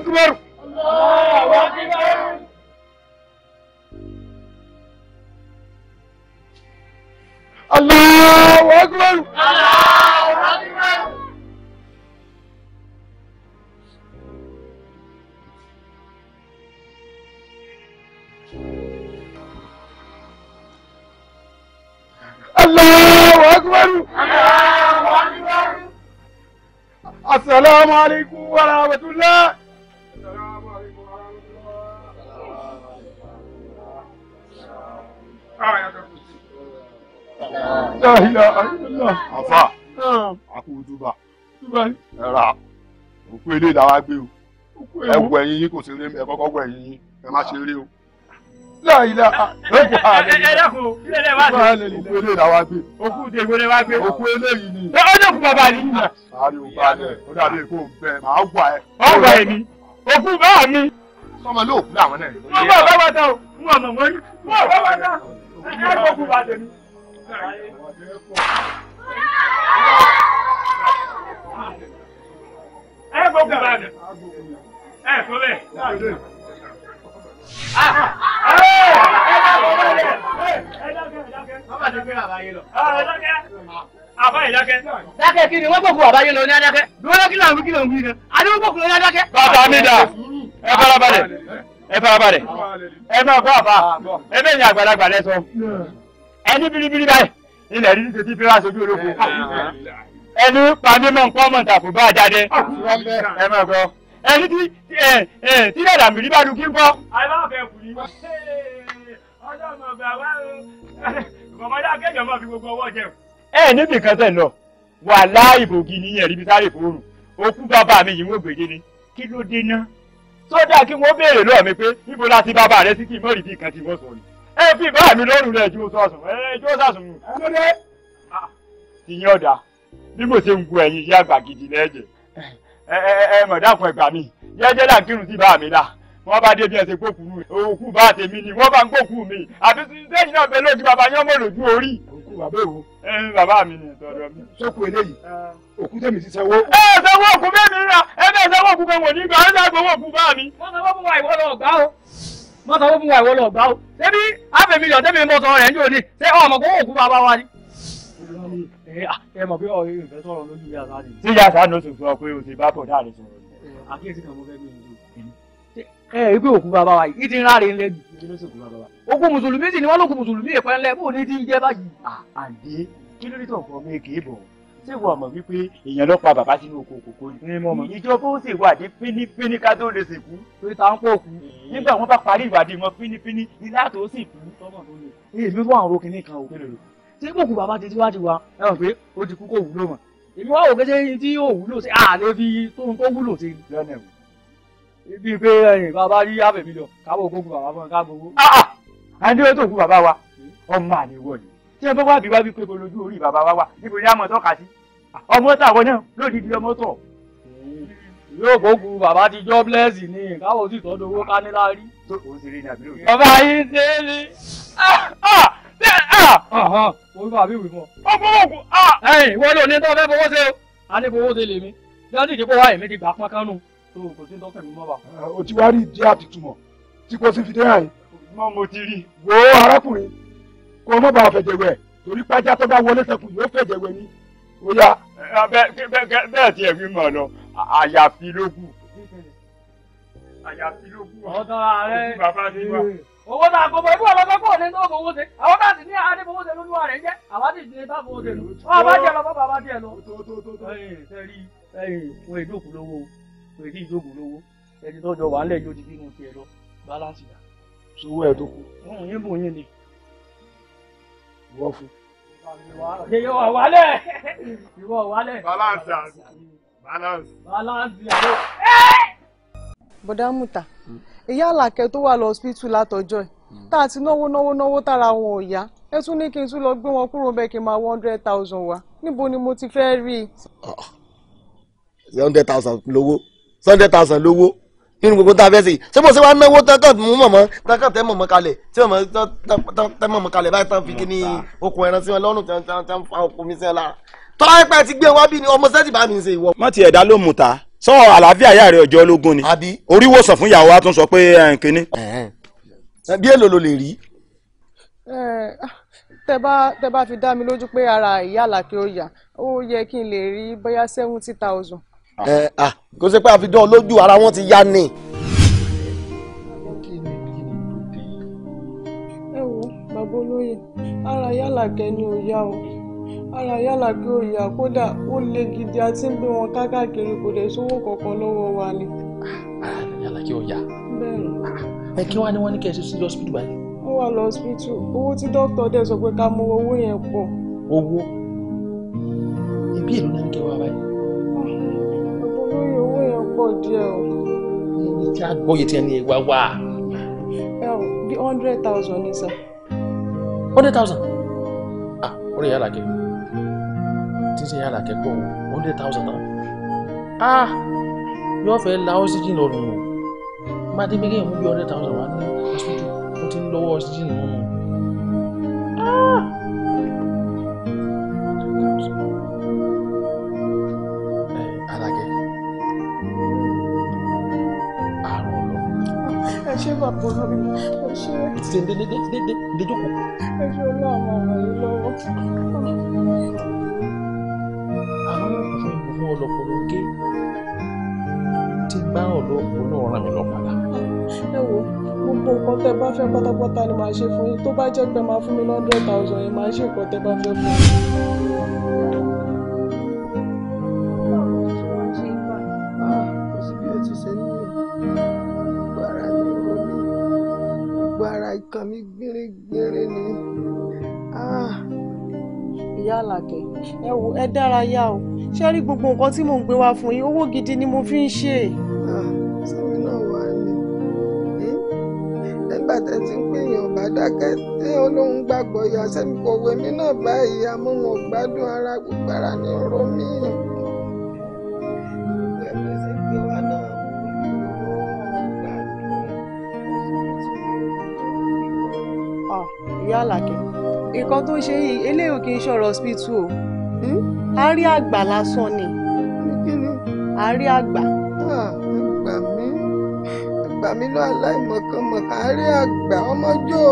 أكبر الله أكبر الله أكبر الله أكبر الله أكبر السلام عليكم àfà àkúdúbà ah. ẹ̀rà òkú ilé làwa gbé o ẹ wọ ẹyin yín kò sí eré ẹ kọ́kọ́ wọ ẹyin yín ẹ má ṣe eré o. láìla ẹkọ àlẹ ẹ dákun ilé ilé wa ṣe òkú ilé làwa gbé òkú dègbò lè wa gbé òkú ilé yìí ni. ẹ ọjọ́ kù bàbá ni. àrí o bá lẹ o dàbí èkó bẹ màá gbà ẹ. ọgbà ẹ ni òkú bá mi. sọmọ lóòkú làwọn náà. wọn bá bá wa ta o wọn mọ wọn yìí wọn bá wa ta ẹ ẹ kọ kù bàjẹ́ ni ẹ gbọ́dọ̀ ìbàdàn ẹ tó lẹ̀. Dákẹ́ kí ni wọ́n gbòkú àbáyé lọ ní adákẹ́? Lọ́wọ́ kí làwọn kí làwọn kí ni? Adé wọ́n gbòkú lọ ní adákẹ́. Bàbá mi dà, ẹ farabalẹ̀, ẹ farabalẹ̀, ẹ máa gbọ́ àbá, ẹ bẹ́ẹ̀ ni àgbàlagbà lẹ sọ ẹni biribiri báyìí ilẹ̀ rí tètè fi wá sojú olóko ẹni pàmí mọ̀ nǹkan ọmọ ìtàkùn bá jáde ẹ máa gbọ́ ẹni tí tí dàdà mìírí bá lu kí n kọ́. aláàbẹ̀ kù ní. ọjọ́ mọ̀ bàbá bàbá dá kẹjọ máa fi gbogbo ọwọ́ jẹun. ẹ níbi kan tẹ̀ lọ wà láìbò gini yẹn ríbi sáré fòrùn òkú bàbá mi yìí wọ́n gbèdé ni kí ló dé ná. sọ́jà kí wọ́n béèrè lọ́ọ̀ mi pé níbo láti bàbá rẹ sí kí mọ́rì bí nǹkan ti wọ́n sọ ni ẹ fi bá mi lọ́rùn rẹ̀ jó sọ̀sùn ẹ jó sọ̀sùn mi. ẹnlẹ́ ti yín ọ̀dà bí mo ṣe ń gun ẹ̀yìn iṣẹ́ àgbà gidi lẹ́jẹ̀ ẹ ẹ mọ̀ dákun ẹ̀gbà mi jẹ́jẹ́ là kírun sí bá mi là wọ́n bá dé bí ẹ ṣe gbókù mi òkú bá tèmi ni wọ́n bá ń gbókù mi àti sẹ́yìn náà bẹ́ẹ̀ lójú bàbá yẹn mọ̀ lójú orí. òkú bàbá èwo. ẹ bàbá mi ni ìtọ́jú mi. sókù eléyìí òkú tèmi ti sanwó. ẹ sanwó òkú bẹ́ẹ̀ mi rà ẹ bẹ́ẹ̀ sanwó òkú bẹ́ẹ̀ wò ní gbà ẹ sanwó òkú bá mi. wọ́n sanwó fún wa ìwọ lọ gbà ó mọ́ sanwó fún wa ìwọ lọ gbà ó ṣebí half a million tẹ́mi mọ́ sọ̀rọ̀ rẹ̀ ń jò ní ṣé ọmọ kó òkú bàbá wa ni. ẹ mọ̀ pé ọ̀rẹ́ rẹ̀ sọ̀rọ̀ lójú yàrá ni. tí yàrá ni ó sì sọ pé o ti bá bọ̀dá rẹ̀ sọ̀rọ̀. àkíyèsí kan mo fẹ́ gbìyànjú ẹ ìgbé òkú bàbá wa yìí ti ń ráre ńlẹ jù òkú mùsùlùmí sì ni wọn lókun mùsùlùmí ìpẹ́ńlẹ̀ bó ní ti ń jẹ́ báyìí. àdé kí ló dé tó ọ̀pọ̀ mi kì í bọ̀ ṣé wọ́n mọ̀ wípé èèyàn ló pa bàbá sínú oko kòkó ni ìjọba ó sì wádìí fínífíní ká tó lè sìnkú torí ta ń pò kú nígbà wọ́n bá parí ìwádìí wọn fínífíní ni láti ó sì kú tọ́mọ̀ tó lè. èmi fún àwọn okìnrin kan òkè lòlò ṣé kòkù bàbá ti síwájú wa ẹ mọ̀ pé ó ti kú kó wúlò mọ̀ èmi wá òkè sẹ́yìn tí yóò wúlò sí àlè fi tóun tó wúlò sí lọ́nà ẹ̀wọ̀n ibi pé ẹyìn bàbá rí àbẹ̀mí lọ káwọ́ ògùn bàbá fún káàbọ̀ owó. àdéhùn tó kú bàbá wa ọmọ àníwọ̀ tí ẹ bá wá bí wá wípé bolójú orí bàbá wa wà níbo ni a mọ̀ tọ́ka sí ọmọ tàwọn náà lódìdí ọmọ tọ̀. yóò gbógun bàbá ti jọ́blẹ́sì ni káwọn sì tọ́jú owó kánílá rí. bàbá yìí ṣe é ah, ah, ah, ní. orí bàbá ìwé mọ. ọgbọ́n ẹ̀yìn wọ́n lò ní tó fẹ́ fowó ṣe o. a ní fowó ṣe lèmi dájú ìdìbò wa èmi ti gbà pọn kánú tó kò sí tọ́kẹ̀ mi mọ́ bà. o ti wá rí ìdí àtìtùmọ̀ tí kò sí fi dé àyè. mo ti rí. wo arákùnrin kó o má bàa fẹ̀jẹ̀ wẹ̀ torí pájá tó bá wọlé sẹ́kùn yóò fẹ̀jẹ̀ wẹ̀ ni ó yá. bẹ́ẹ̀ tí ẹ fi mọ̀ lọ àyàfi lókù àyàfi lókù bàbá ti wá. owó tá a kọ bọ ibú ọlọpẹ kò ní tó fowó ṣe àwọn náà sì ní adébowó ṣe lóluwà rẹ jẹ àwa ti ṣe tá fowó ṣe lò bá jẹ lọ bá bàbá tiẹ lọ. ẹ̀yin sẹ́rí ẹ̀yin wọn èdè lówó wọn èdè ìdóògùn lówó ẹni tó jọ wà á lẹ̀ yóò ti bínú tiẹ̀ lọ báláǹsì dà. sowó ẹ̀ tó kù. yín bò yín ni ìwọ fún. ìwọ wálẹ̀ ìwọ wálẹ̀. balance balance. balance yàrá. bọ̀dá mùtà ìyá àlàkẹ́ tó wà lọ hospital látọjọ́ ẹ̀ tá a ti náwó náwó náwó tára wọn ò yá ẹ tún ní kí n tún lọ gbé wọn kúrò bẹ́ẹ̀ kí n máa one hundred thousand wá níbo ni mo ti fẹ́ rí i. one hundred thousand lówó one hundred thousand lówó nínú gbogbo tá a fẹ́ ṣe ṣé mo ṣe wá náwó tán kàn mú mọ̀mọ́ tán kàn tẹ́ mọ̀mọ́ kalẹ̀ tí mọ̀mọ́ tẹ́ mọ̀mọ́ kalẹ̀ báyìí tán fi kí ni okùn ẹran sí wọn lọ́rùn tí wọ́n ti ń fa okùn mi sí tọ́lá pẹ́ ti gbé wá bí ni ọmọ sẹ́tì bá mi ṣe ìwọ. má ti ẹ̀dá ló mú ta sọ àlàáfíà yàrá ọjọ́ ológun ni oríwó sọ fún ìyàwó wa tún sọ pé kínní. bí èlò ló lè rí. tẹ bá tẹ bá fi dá mi lójú pé ara ìyá àlàkè ó yà ó yẹ kí n lè rí bóyá seventy thousand ẹ ah. à eh, ah, kò sí pé àfidán olójú ara wọn ti yá ni. ẹ wo bàbá olóye ara yálà kẹni ò yá o ara yálà kí ò yá kódà ó lè gidi àti ń gbé wọn kákàkiri kò dé sówó kankan lọ́wọ́ wa ni. ara yálà kí ò yá. bẹ́ẹ̀ni. ẹ eh, kí wàá ní wọn ní kí ẹ ṣe sí hospital báyìí. wọn wà lọ hospital owó tí dókítà dẹ sọ pé ká mú owó yẹn pọ̀. owó ibi èlò náà ń kẹ gbọ́ díẹ̀ o. èmi tí a gbọ́ yìí ti ẹni ìwà wà. ẹ o bí hundred thousand ni sà. hundred thousand ah orí yàrá kẹ tí ṣe yàrá kẹ pọ̀ hundred thousand náà ah yóò fẹ́ la oxygen lọ́nu o má dé bí kéèyàn mú bí hundred thousand wá ní hospital ó ti ń lọ́wọ́ oxygen lọ́nu. ṣe dédé jókòó. ẹ ṣe olú àwọn ọmọ yìí lọ́wọ́. àwọn ìfún ìgbòho ọlọpọlọ gé ti bá ọ̀dọ́ ọ̀pọ̀lọ́ ọ̀ràn mi lọ padà. ẹ wo gbogbo nǹkan tẹ bá fẹ́ pátápátá ni màá ṣe fún yín tó bá jẹ́ pé máa fún mi lọ́ndrẹ́d tàùsàn yẹn màá ṣe nǹkan tẹ bá fẹ́ fún yín. ọkàn mi gbérégbéré ni ah, ìyá àlàkẹ́ ẹ wò ẹ dára yá o ṣé rí gbogbo nǹkan tí mò ń gbé wá fún yín owó gidi ni mo fi ń ṣe. Ah, sẹ́mi náà wà ní hmm? nígbà tẹ́ ti ń pè yàn bá dákẹ́ tí olóhùn gbàgbọ́ yà sẹ́mi kò wẹ̀mí náà báyìí àmọ́ wọn gbádùn ara gbogbo ara ní ọ̀rọ̀ mi. ìyá àlàkẹ́ nǹkan tó ṣe yìí eléyìí kì í ṣọ̀rọ̀ hospital o hmm? a rí àgbà lásán ni a rí àgbà. Ah, àgbà mi àgbà mi lọ aláìmọ̀kànmọ̀kà a rí àgbà ọmọjọ́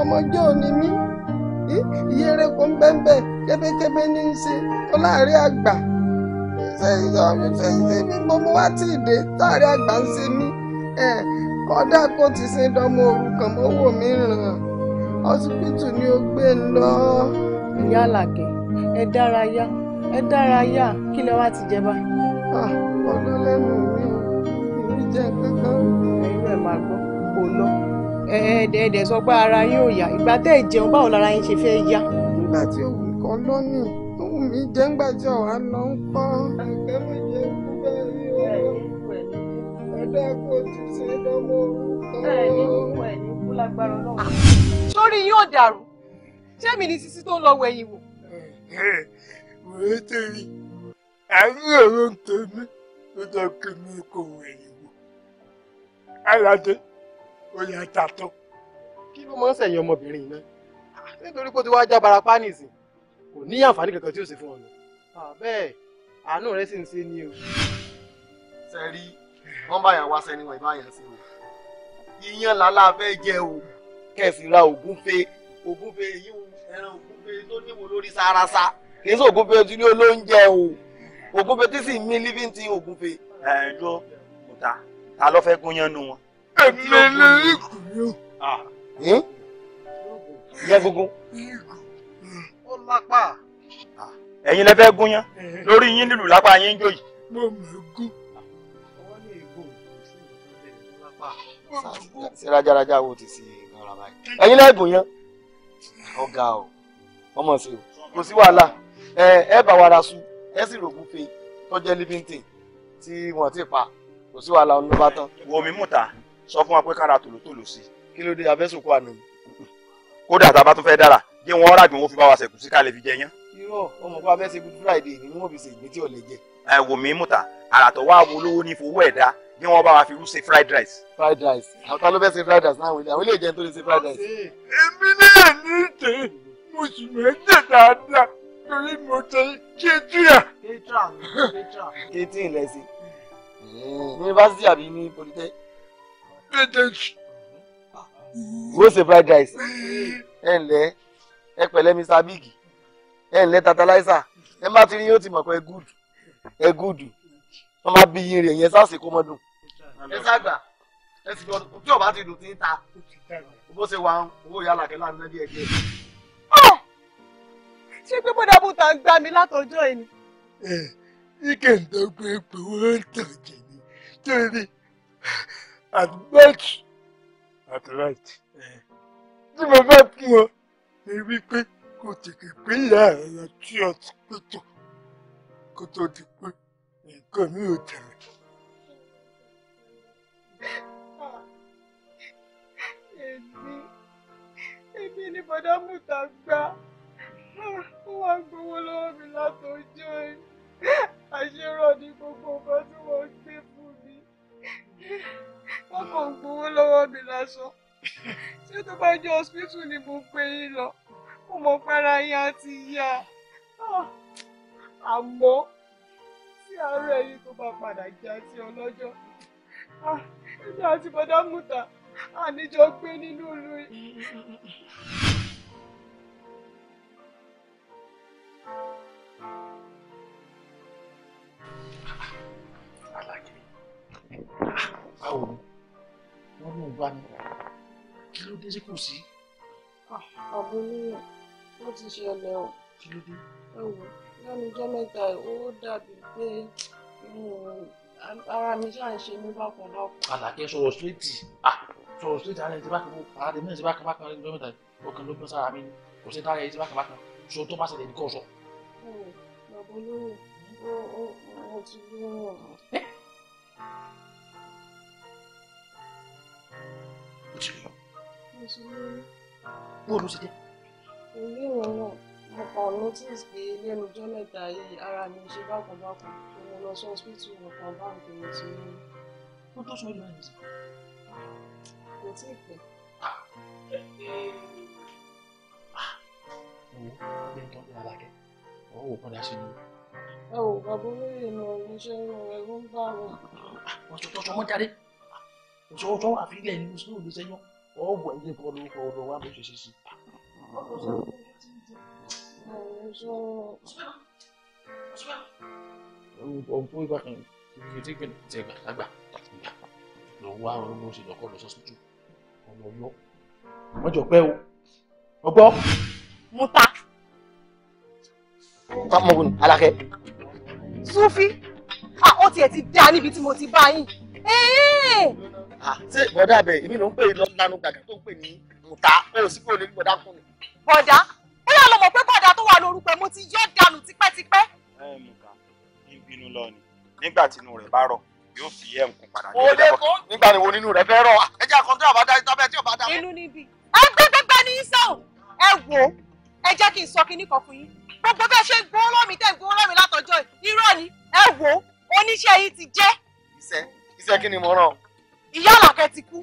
ọmọjọ́ ni mí ìyẹ́rẹ́ hmm? kò ń bẹ́ńbẹ́ kébékébé ní í ṣe ọláàrin àgbà ṣe ìyọ̀mí ṣe ṣe mí mo mú wá tí ìdè táàrin àgbà ń ṣe mí kọ́dà kó ti ṣe dánmọ́ orúkọ mọ́wọ́ mi ràn án ọsibítù ni ó gbé lọ. ìyá làkè ẹ dárayá ẹ dárayá kí lẹ wá ti jẹ báyìí. Ah, ọlọ lẹ́nu mi ò èmi jẹ kankan. ẹ̀yin ẹ máa gbọ́ kò lọ ẹ̀ẹ́dẹ̀ẹ̀dẹ̀ sọ pé ara yóò yá ìgbà tẹ́ ẹ jẹun báwo lára yín ṣe fẹ́ yá. nígbà tí òun kan lónìí òun mi jẹ́ ńgbà tí ọ̀rá lọ ń pọ́. àgbẹ̀ mi jẹ́ púpẹ̀ yìí ó ẹ̀dá kò tún ṣe lọ́wọ́. bẹ́ẹ̀ ni pẹ̀lú lágbára Ọlọ́run. Ah. sórí yín ò dàrú ṣé mi ní sisi tó ń lọ wẹ̀yìn wò. mo ń tẹ̀lé àárín ọ̀rọ̀ tèmi ló jẹ́ kí mi kò wẹ̀yìn wò. aládé ó yà tàtọ́. kí ló máa ń sẹ̀yìn ọmọbìnrin náà nítorí pé ó ti wá já barapá nìsín kò ní àǹfààní kankan tí ó ṣe fún ọ nù. bẹ́ẹ̀ àánú rẹ sì ń ṣe ni o. sẹ́rí wọ́n bá yàn wá sẹ́ni wọ̀ ìbá yàn sí i iyán làlá fẹ́ jẹ o kẹ̀sì ra ògúnfe ògúnfe yìí ẹran ògúnfe tó níwò lórí sarasa kì í sọ ògúnfe tí ní olóúnjẹ o ògúnfe tí sì mí living ti ògúnfe. ẹ ẹ jọ kùtà ta ló fẹ́ gúnyán nu wọn. èmi lórí kùnú. yẹ gúngún. ó lápá. ẹ̀yin lẹ gúnyán lórí yín lílù lápá yín jò yìí. mo mọ̀ gún. ṣe rájárájá wo ti ṣe nǹkan ra báyìí ẹ̀yin lẹ́bùn yẹn ọ̀gá o ọmọ sí o kò sí wàhálà ẹ ẹ bá wa ra sùn ẹ sì rògùn fe tọ́jẹ́ livington tí wọ́n ti pa kò sí wàhálà ọ̀nà bá tán. wo mi mú ta sọ fún wa pé kára tòlótòló sí i. kí ló dé abẹ́sùnkú àná mi. kódà tá a bá tún fẹ́ dára jẹ́ wọn ọ̀rá gbìn wọn fi bá wa ṣẹ̀kù sí ká lè fi jẹ yán. irọ́ ọmọ kó abẹ́ good friday ni wọ́n fi ṣe ìgbé tí ò lè jẹ. ẹ wò mí mú ta àràtọ̀ wá wo lówó ní fowó ẹ̀dá bí wọ́n bá wa fi irú fried rice. fried rice àwọn tá ló ṣe fried rice náà wọlé àwọn ilé ìjẹun tó lè ṣe fried rice. èmi náà ní ìtẹ mo sì méjì dáadáa torí mo tẹ kéjìá. kéjìá mi kéjìá. kéjì ilẹ̀ sí. yunifásitì àbí ní politẹ́. méjèèjì. wọ́n ṣe fried rice. ẹ ǹlẹ́ ẹ pẹ̀lẹ́ Mr Big ẹ ǹlẹ́ tantalizer ẹ má ti rí yóò ti mọ̀ pé ẹ gúdù ẹ gúdù wọ́n máa bí yín rẹ̀ yẹn sáàsì kó mọ́ dùn. ẹ sáàgbà ẹ sì jọ tí ọba ti dùn ti ń ta bó ṣe wà owó ìyá làkẹ́ láńdẹ́ díẹ̀ díẹ̀. Ah! ṣé pé bọ́dà ń gbá mi látọjọ́ yìí ni. ẹ eh, ike ń dọgbọ epo wọn tàn jẹ ni torí at much at right eh, tí mo bá fún ọ ni wípé kò tètè pé ìyá rẹ lọ sí ọsibítù kó tó di pé nǹkan mi ò tẹ̀lé. èmi èmi ni bàdámùtà gbá wọ́n wá gbowó lọ́wọ́ mi látọjọ́ ẹ̀ àṣírọ̀ ní gbogbo nǹkan tí wọ́n gbé fún mi wọ́n kàn gbowó lọ́wọ́ mi lásán ṣé tó bá jẹ́ hospital ni mo gbé yín lọ mo mọ̀ pé ara yín á ti yá ah, àmọ́ tí àárọ̀ yìí tó bá padà jẹ́ àti ọlọ́jọ́ ah, èmi àti bọ́dá mùtà àníjọ gbé nínú ìlú yìí. alágé báwo ni wọn ló ń bá mi kí ló dé tí kò sí. Ah, àbúrò wọn ti ṣe ẹlẹ kí ló dé. ẹ wò ó lẹ́nu ọjọ́ mẹ́ta ó dàbí pé ara mi ṣáà ń ṣe mí bákan bákan. àlàkẹ́ sọ̀rọ̀ síríìtì sọ̀rọ̀ síríìtì alẹ́ ti bá kan ara rẹ̀ mẹ́rin ti bá kan bákan lẹ́nu ọjọ́ mẹ́ta ọkàn ló gbọ́ sára mi kò sí táyà ti bá kan bákan so tó bá ṣẹlẹ̀ nìkan sọ. bàbá olóyè mo ti lóyún. mo ti lóyún. mo ti lóyún. bó ló ti dé. òye ìwọ̀n náà ọkàn mi ti gbé lẹ́nu ọjọ́ mẹ́ta yìí ara mi ṣe bákan bákan tó mo lọ sí ọsibítù ọkàn báńkì mi ti ní. ó tó sọ ìlú àyẹ̀sán. kò tí ì pẹ́. owó gbé ń tọ́jú alákẹ́ ọwọ́ wò padà sínú. ẹ ò bàbá olóyè mi ò ní ṣe ẹrú ń bá wọn. ọ̀sọ̀tọ̀ọ̀sọ̀ mọ́ jáde ọ̀sọ̀tọ̀ àfi ilẹ̀ ìlú sínú ìlú sẹ́yìn ọ̀wọ̀ ẹ̀jẹ̀ kọ́ lórúkọ ọ̀dọ̀ wa bó ṣe ṣe sí 그래서 ọgbọ́n ìgbà kan kìí ti gbẹ̀ tẹ̀ gbà lágbà ìgbà lọ wá àwọn ọmọ òṣèlú ọkọ lọ sọ́sọ́ jù ọmọ ọyọ́ wọ́n jọ pẹ́ o ọgbọ́. muta. fámọ́gùn alákẹ́. sufi ó tiẹ̀ ti dá níbi tí mo ti bá yín. ṣé bọ́dà bẹ̀ èmi ló ń pè é lọ́nà lánàá gbàgbà tó ń pè ní muta ó sì kúrò ní bọ́dà kùnú. bọ́dà ọ̀dà tó wà lórúkọ ẹ̀ mo ti yọ́ dànù tipẹ́tipẹ́. ẹ ẹ mùkà ní bínú lọ ni nígbà tí inú rẹ̀ bá rọ̀ yóò fi ẹ̀ ǹkùn padà ní ọjà bọ̀ nígbà wo nínú rẹ̀ fẹ́ rọ̀ ẹjẹ́ àkọ́ńtà bá dá ìtọ́bẹ̀ tí o bá dá. inú níbi agbẹ́gbẹ́gbẹ́ ní sọ ẹ wò ó ẹ jẹ́ kí n sọ kinní kan fún yín gbogbo bẹ́ẹ̀ ṣe gbowó lọ́mí tẹ̀ gbowó lọ́mí látọjọ́ irọ́ ni ẹ wò ó oníṣẹ́ yìí ti jẹ́. iṣẹ́ iṣẹ́ kí ni mo rán. ìyá àlàkẹ́ ti kú.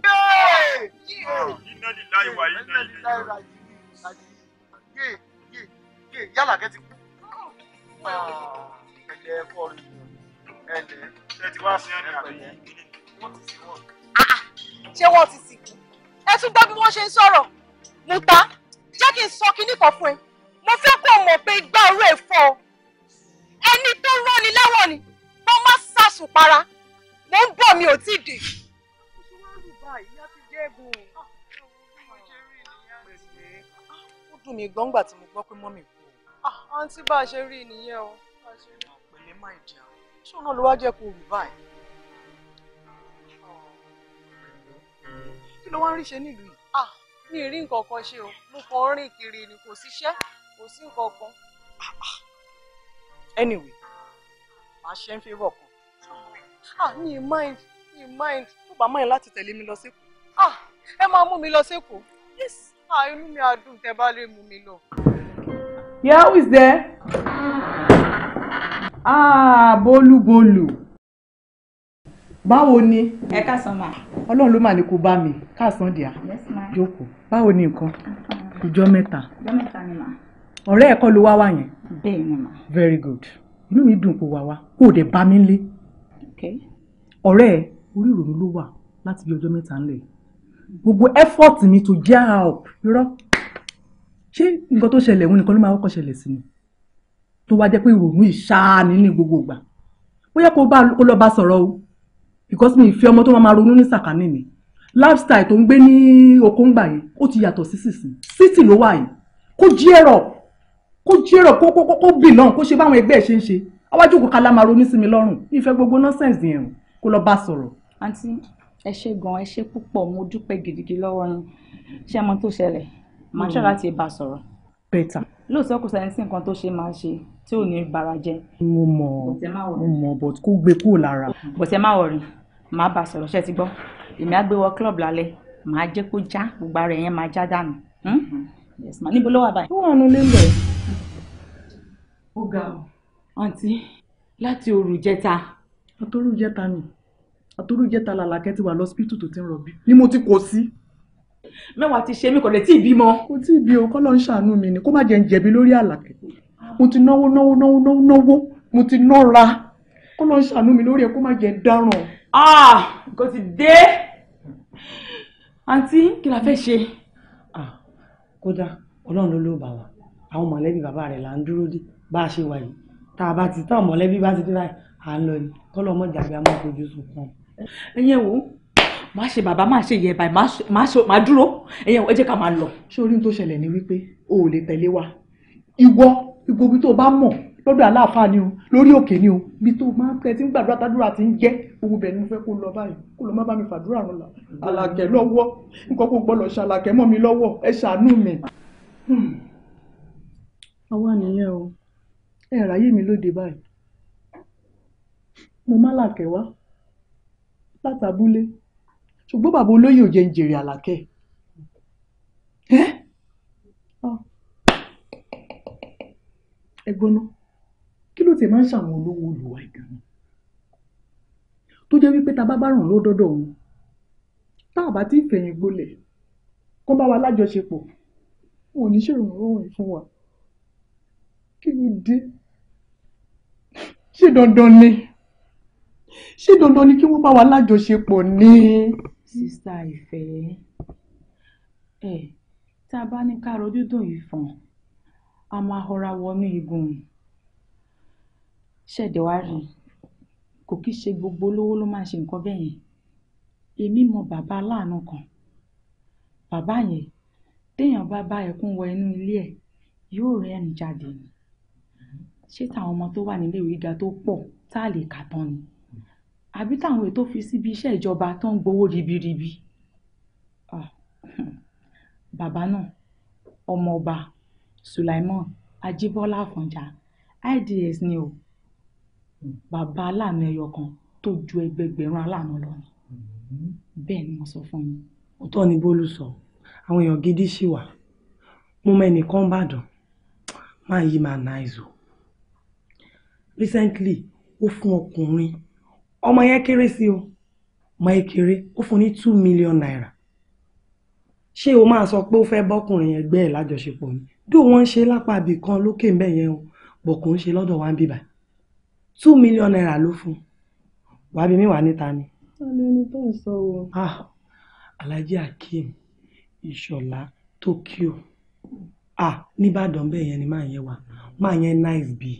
iná lílá ìwà iná ìlẹ̀ yé yálà kẹ́ ti kú. ẹ̀jẹ̀ ẹ̀kọ́ rẹ̀ ẹ̀jẹ̀ ṣe ti wá sí ẹ̀jẹ̀ àbẹ̀yẹ. ṣé wọ́n ti sìnkú ẹ tún gbọ́ bí wọ́n ṣe ń sọ̀rọ̀ Muta jẹ́ kí n sọ kinní kan fún ẹ mo fẹ́ kó o mọ̀ pé igbá oró ẹ̀ fọ́ ọ ẹni tó rán ni lẹ́wọ̀n ni wọ́n má sàṣù para mo ń bọ̀ mi ò tí ì dé. Ah. ó dùn mí gbọ́ngbà tí mo gbọ́ pé mọ́mì kú àǹtí bá a ṣe rí nìyẹn o. pẹ̀lẹ́ má ìdí àwọn ṣé òun náà ló rù báyìí. kí ló wá ń rí ṣe nílùú yìí. ah mi ì rí nǹkan kan ṣe o mo kàn ń rìn kiri ni kò síṣẹ́ kò sí nǹkan kan. anyway màá ṣe ń fi rọ̀ kan. ah mi ì mind mi ì mind tó bá mind láti tẹ̀lé mi lọ sẹ́kọ̀ọ́. ah ẹ máa mú mi lọ sẹ́kọ̀ọ́. yes ah inú mi á dùn tẹ́ bá lè mú mi lọ. Yeah, who is there? Ah, Bolu Bolu. Báwo ni? Ẹ káàsán ma. Ọlọ́run ló mà ní kó bá mi. Káàsán dìá. Yes ma. Jókòó. Báwo ni nǹkan? Ọjọ́ mẹ́ta. Ọjọ́ mẹ́ta ni ma. Ọ̀rẹ́ ẹ̀ kọ́ ló wá wá yẹn. Bẹ́ẹ̀ ni ma. Very good. Inú mi dùn kó wá wá. Kó o dẹ̀ bá mi lé. Ọ̀rẹ́ ẹ̀ orí ìrònú ló wà láti bí ọjọ́ mẹ́ta ńlẹ̀. Gbogbo effort mi to gear up. Irọ́. You know? ṣé nǹkan tó ṣẹlẹ̀ òun nìkan ló máa kọ́kọ́ ṣẹlẹ̀ sí ni tó wá jẹ́ pé ìrònú ìṣáàní ní gbogbo ìgbà bóyá kó bá kó lọ́ọ́ bá sọ̀rọ̀ o because mi ìfẹ́ ọmọ tó máa ronú ní sàkání mi lifestyle tó ń gbé ní okó ńgbà yẹn ó ti yàtọ̀ sí sísìn sítì ló wà yìí kó jí ẹ̀rọ kó jí ẹ̀rọ kó kó kó bì náà kó ṣe báwọn ẹgbẹ́ ẹ̀ ṣe ń ṣe awájú kò kálá máa ronú sí mi lọ́rùn ìfẹ́ gbogbo nọ́sẹ̀nsì yẹn kó lọ́ọ́ bá sọ̀rọ̀. àǹtí ẹ ṣé gan ẹ ṣé púpọ̀ mo dúpẹ́ gidigidi lọ́wọ́ yín ṣé ẹ mọ tó ṣẹlẹ̀ màá ṣe láti bá a sọ̀rọ̀. bẹ́tà. lóòótọ́ kò sẹ́yìn sí nǹkan tó ṣe máa ṣe tí ò ní bara jẹ́. mo mọ̀ mo mọ̀ but kó gbé kúrò lára. bọ̀tẹ́ má wọ̀rì màá bá a sọ̀rọ̀ ṣe ti gbọ́ èmi á gbé wọ club lálẹ́ màá jẹ́ kó já gbogbo ara yẹn máa já dànù. Hmm? níbo ló wà báyìí. ó wà nù lélẹ̀. ó ga ọ àǹtí láti òru jẹta. àtòrú jẹta ni àtòrú jẹta làlàkẹ́ ti wà lọ́sibítù tó ti ń rọbí ni mo ti kò sí mẹ́wàá ti ṣe mí kò lè tí ì bímọ. kò tí bí o kọ́lọ́ ń ṣàánú mi ni kó má jẹ́ ń jẹ̀bi lórí àlàkẹ́ mo ti náwó náwó náwó náwó náwó mo ti nọ́ra kọ́lọ́ ń ṣàánú mi lórí ẹ̀ kó má jẹ́ dáràn. ah kò ti dé àǹtí kí la fẹ́ ṣe. ah kódà ọlọ́run ló ló bá wa àwọn mọ̀lẹ́bí bàbá rẹ̀ là ń dúró dé bá a ṣe wà yìí tá a bá ti tán mọ̀lẹ́bí bá ti dé báyìí à ń lọ ni kọ́lọ́ mọ̀jà a mọ̀ fojú sùn kan. ẹ̀yin ẹ̀ wò ó má ṣe bàbá má ṣe yẹ báyìí má dúró ẹ̀yẹn ẹ jẹ́ ká máa lọ. sórí tó ṣẹlẹ̀ ni wípé o ò lè tẹ̀lé wa ìwọ gbogbo ibi tó o bá mọ̀ lọ́dọ̀ aláàfáà ni o lórí òkè ni o ibi tó o máa ń pẹ́ tí ń gbàdúrà tádúrà ti ń jẹ́ owó bẹ̀ ni mo fẹ́ kó lọ báyìí kó lọ má bá mi fàdúrà ràn la àlàkẹ́ lọ́wọ́ nǹkan kó gbọ́ lọ ṣe àlàkẹ́ mọ́ mi lọ́wọ́ ẹ ṣàánú mi. ọwọ́ hmm. nìyẹn o ẹ ráyè mi lóde báyìí mo má làkẹ́ wá látàbúlé ṣùgbọ́n bàbá olóyè ò jẹ́ ń jèrè àlàkẹ́ ẹ́ ẹ gbọ́ná kí ló ti máa ń ṣàwọn olówó olùwà ìgbàna tó jẹ́ wípé ta bá bá ràn lọ́dọ́dọ̀ wọn tá a bá ti fẹ̀yìn gbolẹ̀ kó bá wa lájọṣepọ̀ wọn ò ní ṣèrànwọ́ wọn fún wa kí ló dé ṣé dandan ni ṣé dandan ni kí wọ́n bá wa lájọṣepọ̀ ni sísá ìfẹ́ um tá a bá ní ká rojú dùn ìfọ̀n a máa họra wọnú igun ṣẹ̀dẹ̀ wá rí i kò kí í ṣe gbogbo olówó ló máa ń ṣe nǹkan bẹ́ẹ̀ yẹn èmi mọ bàbá aláàánú kan bàbá yẹn téèyàn bá bá ẹkún wọ inú ilé ẹ̀ yóò rẹ́rìn-ín jáde ṣé tàwọn ọmọ tó wà níléèwé gíga tó pọ̀ tá a lè kà tán ni àbí táwọn ètò fi síbi iṣẹ́ ìjọba tó ń gbowó ribiribi bàbá náà ọmọọba Sulaiman Ajíbọ́lá Àfọ̀njá IDS ni o bàbá aláàánú ẹyọ kan tó ju ẹgbẹgbẹ̀rún aláàánú lọ ni mm-hmm. bẹ́ẹ̀ ni mo sọ fún yín. òótọ́ ni bólú sọ àwọn èèyàn gidi ṣì wà mo mọ ẹnìkan bá dùn máa yí máa náà ìzò recently ó fún ọkùnrin ọmọ yẹn kéré sí o ọmọ yẹn kéré ó fún ní two million naira ṣé o máa sọ pé ó fẹ́ bọ́kùnrin yẹn gbẹ́ ẹ̀ lájọṣepọ̀ ni bí wọ́n ń ṣe lápá ibì kan lókè ń bẹ̀ yẹn o bọ̀ kò ń ṣe lọ́dọ̀ wa ń bíbà two million naira ló fún wàá bí mi wà níta ni. ọ̀nà ẹni tó ń sọ o. ah alhaji akeem ìṣọ̀lá tokyo ah nìbàdàn bẹ́ẹ̀ yẹn ni máa yẹn wà máa yẹn nice bíi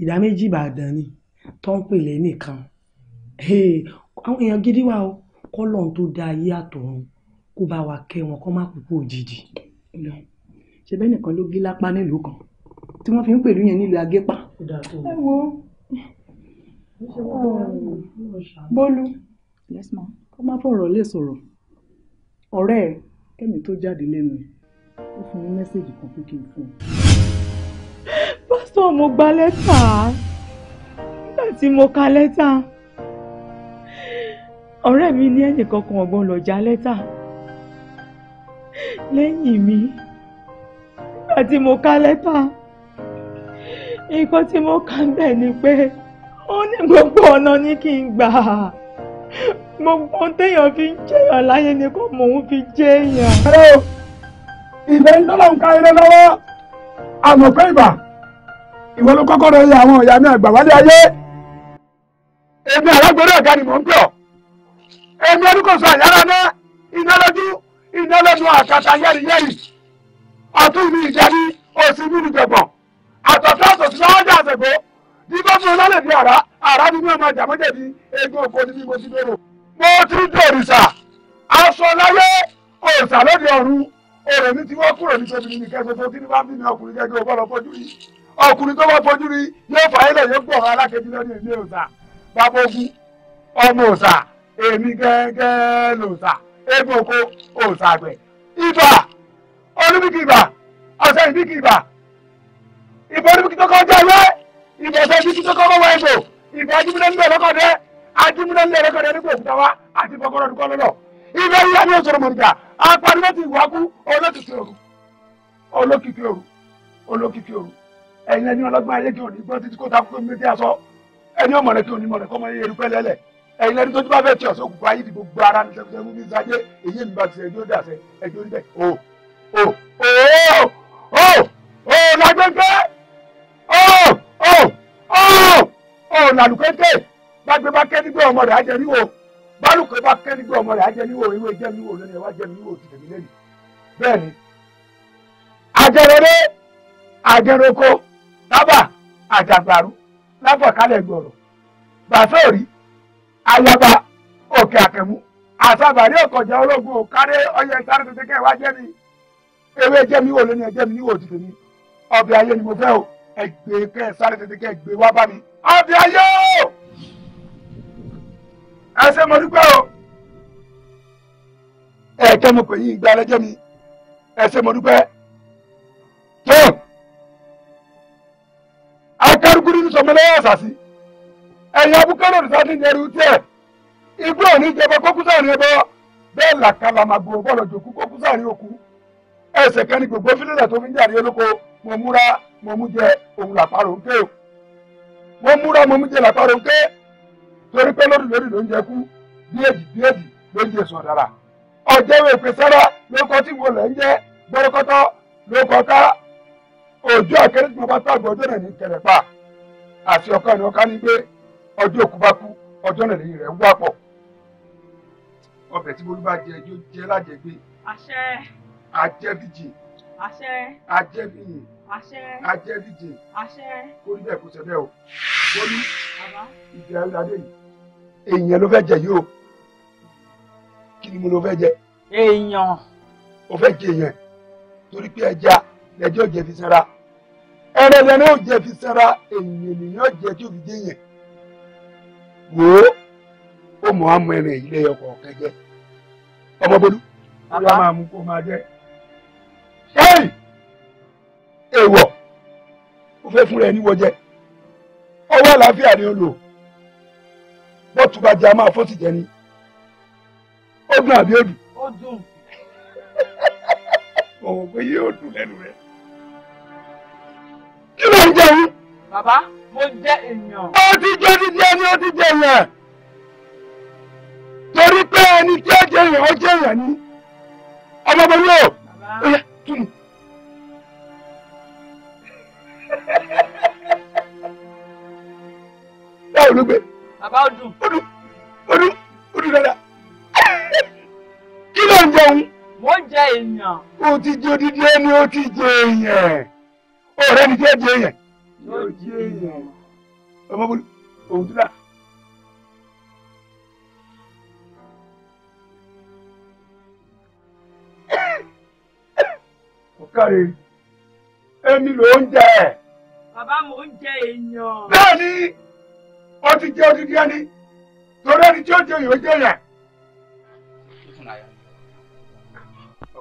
ìdá méjì ìbàdàn ni tó ń pèlè nìkan àwọn èèyàn gidi wà o kọ́lọ́n tó dá ayé àtọ̀run kó bá wa kẹ́ wọn kọ́ má kúkú òjijì ṣe bẹ́ẹ̀ nìkan ló gé lápá nílùú kan tí wọ́n fi ń pèlú yẹn nílùú agépa ẹ wo bólú kó má fọ̀rọ̀ lè sọ̀rọ̀ ọ̀rẹ́ ẹ kẹ́mi tó jáde lẹ́nu ẹ̀ ó fún mi mẹ́sẹ̀gì kan fún kí n fún un. pásítọ̀ mo gba lẹ́tà nígbà tí mo ka lẹ́tà ọ̀rẹ́ mi ní ẹnìkan kan ọ̀gbọ́n lọ já lẹ́tà lẹ́yìn mi àti mo ka lẹ́tà nǹkan tí mo kà ń bẹ̀ ni pé ó ní gbogbo ọ̀nà ní kí n gbà gbogbo téèyàn fi ń jẹyàn láyé ni kò mò ń fi jẹyàn. ẹ̀rọ ìfẹ́ ń tọ́lọ̀ ń ka eré lọ́wọ́ àmọ̀pẹ́ ìbà ìwọ ló kọ́kọ́ rẹ̀ yẹ àwọn ìyá mi àgbà wálé ayé èmi alágbèrè ọ̀gá ni mò ń pè ọ́ èmi orúkọ sọ àyàrá náà iná lójú iná lójú àkàtà yẹ́rìyẹ́rì ọ̀tún mi ìjẹ́rí òsì mi nìjọ̀gbọ̀n àtọ̀tọ̀ àtọ̀tí lọ́wọ́ dà àṣẹ̀gbọ́ bí bá fún ọlọ́lẹ̀ bí àrá àrá ni mi ọmọ àjàmọ́jẹ̀ bí egun òkò ni mi mo ti lérò. mo ti dòrìṣà aṣọ láyé òòṣà lóde ọ̀run èrè mi ti wọ́n kúrò ní tèmi nìkan ṣoṣo tí bá bí mi ọkùnrin gẹ́gẹ́ ọgbọ́dọ̀ fojú rí ọkùnrin tó bá fojú rí yóò fà á lẹ̀ yóò gbọ̀ alákejì lọ́dún ìlú òòṣà bàbá ogun ọmọ òòṣà èmi gẹ́gẹ́ lòṣà egbòko òṣàgbẹ̀ ibà olúbíkì ibà ọ̀sẹ̀ ìbíkì ibà ìbọn olúbíkì tó kọjá wé ìbọn ọ̀sẹ̀ ìbíkì tó kọ́kọ́ wọ egbò ìbọn ajúmúlẹ̀ ńlẹ̀ lọ́kọ̀dẹ́ ajúmúlẹ̀ ńlẹ̀ lọ́kọ̀dẹ́ nígbà òkúta wa àti bọ́kọ́rọ́ dúkọ́ lọ́dọ̀ ibẹ̀ yíyá ni òṣòro mọ̀nìkà apariwo ti wá kú olókìkí òru olókìkí òru olókìkí òru ẹ̀yin ẹni ọlọ́gbọ́n ayé kí òní gbọ́ títí kó takú pé mi ti aṣọ ẹni ọmọ rẹ kí òní mọ̀ rẹ kọ́mọ erupẹ́ lẹ́lẹ̀ ẹ̀yin lẹni tó ti bá fẹ́ tí ọ̀sẹ̀ òkùnkùn ayé ìdìbò gba ara ní sẹ́kùsẹ́kù ní sáyé èyí mi bá ti ṣe ẹjọ́ dàsẹ̀ ẹjọ́ níbẹ̀ o o o o o lágbẹ́gbẹ́ o o o o làlùkẹ́kẹ́ gbàgbé bá kẹ́ nígbà ọmọ rẹ̀ á níwò bálùkẹ́ bá kẹ́ nígbà ọmọ rẹ̀ á níwò ìwé jẹ́ níwò lónìí ẹ̀ wá jẹ́ níwò ti tẹ̀mí lẹ́nu bẹ́ẹ̀ ni àjẹrẹrẹ àjẹrẹko tábà àjàgbàrú láfọ̀kálẹ̀ gbọ̀rọ̀ gbàsóòrí alọ́ba òkè àtẹ̀mú àsàbàrí ọ̀kọ̀jà ológun òkárẹ́ ọyẹ sáré tuntun kẹ́ wá jẹ́mi ewé jẹ́mi wò lónìí ẹ̀jẹ̀ mi níwò òtítọ́ mi ọbẹ̀ ayé ni mo fẹ́ o ẹgbẹ́ kẹ́ sáré tuntun kẹ́ gbé wá bá mi ọbẹ̀ ayé o ẹsẹ̀ mo dúpẹ́ o ẹ̀ẹ́kẹ́ mo pè yín ìgbà lẹ́jẹ́ mi ẹsẹ̀ mo dúpẹ́ tó akẹ́rù ní sọmọlẹ́yà sàsì ẹ̀yin abúkẹ́rẹ́ òrìṣà ní ẹrú tiẹ̀ ibú òní jẹbọ kókú sáàrin ẹbọ bẹ́ẹ̀ làkàlà máa gbòòrò bọ́ọ̀lù jòkú kókú sáàrin òkú ẹsẹ̀ kan ní gbogbo fílẹ̀ tó fi ń jàre olóko mo múra mo mú jẹ òun làpárò ń ké o mo múra mo mú jẹ làpárò ń ké torí pé lórí lórí ló ń jẹ díèdì díèdì ló ń jẹ sùn ọ̀dàrà ọ̀jẹ̀ wo èpè sára ló tí wo lẹ̀ ń jẹ́ gbọ́dọ̀kọ́tọ́ ló ká òjò àkẹ́rẹ́ tí mo bá tàgbọ́ ọjọ́ náà ní kẹlẹ̀ àti ọ̀kan ni ọ̀kan ní gbé ọjọ́ òkú bá kú ọjọ́ nàlẹ́yìn rẹ̀ ń wà pọ̀ ọbẹ̀ tí bolú bá jẹ yóò jẹ́ lájẹgbé àṣẹ ajẹ́díje àṣẹ ajẹ́bíyìn àṣẹ ajẹ́díje àṣẹ kó rí bẹ́ẹ̀ kó sọ bẹ́ẹ̀ o kó ní ìdí ayélujáde yìí èèyàn ló fẹ́ jẹ yìí o kí ni mo ló fẹ́ jẹ. èèyàn. o fẹ́ jẹ èèyàn torí pé ẹja lẹjọ́ jẹ fi sanra ẹrẹ lẹ́nu ò jẹ fi sanra èèyàn ènìyàn jẹ tí fi jẹ yẹn wò ó ó mọ̀ á mọ ẹran èyí lẹ́yọ kọ̀ọ̀kan jẹ́ ọmọ bolú ó a máa mú kó máa jẹ́ ṣẹ́yìn èèwọ̀ ó fẹ́ fúnra ẹni wọ jẹ́ ọwọ́ àlàáfíà ni ó lò bó tún a máa fọ́sì jẹ ni ó dùn àbí ó dùn ó dùn mo pé yóò dùn lẹ́nu rẹ̀. Bàbá, mo jẹ́ èèyàn. Ó ti jẹ́ dídí ẹni ó ti jẹ èèyàn. Torí pé ẹni tí ó jẹ èèyàn ó jẹ èèyàn ni. Ọmọ ọmọ yóò. Bàbá. Báwo ló gbé? Bàbá ó dùn. Ó dùn. Ó Kí ló ń jẹun? Mo jẹ èèyàn. Ó ti jẹ́ dídí ẹni ó ti jẹ èèyàn. Ọ̀rẹ́ ni jẹ́ jẹ èèyàn yóò jí èèyàn ọmọ bọ́lú òun tó dà. ọ̀kàrẹ̀ èmi ló ń jẹ. bàbá mò ń jẹ èèyàn. bẹ́ẹ̀ ni ó jẹ́ ó di ẹni torí ẹni tí ó jẹ èèyàn ó jẹ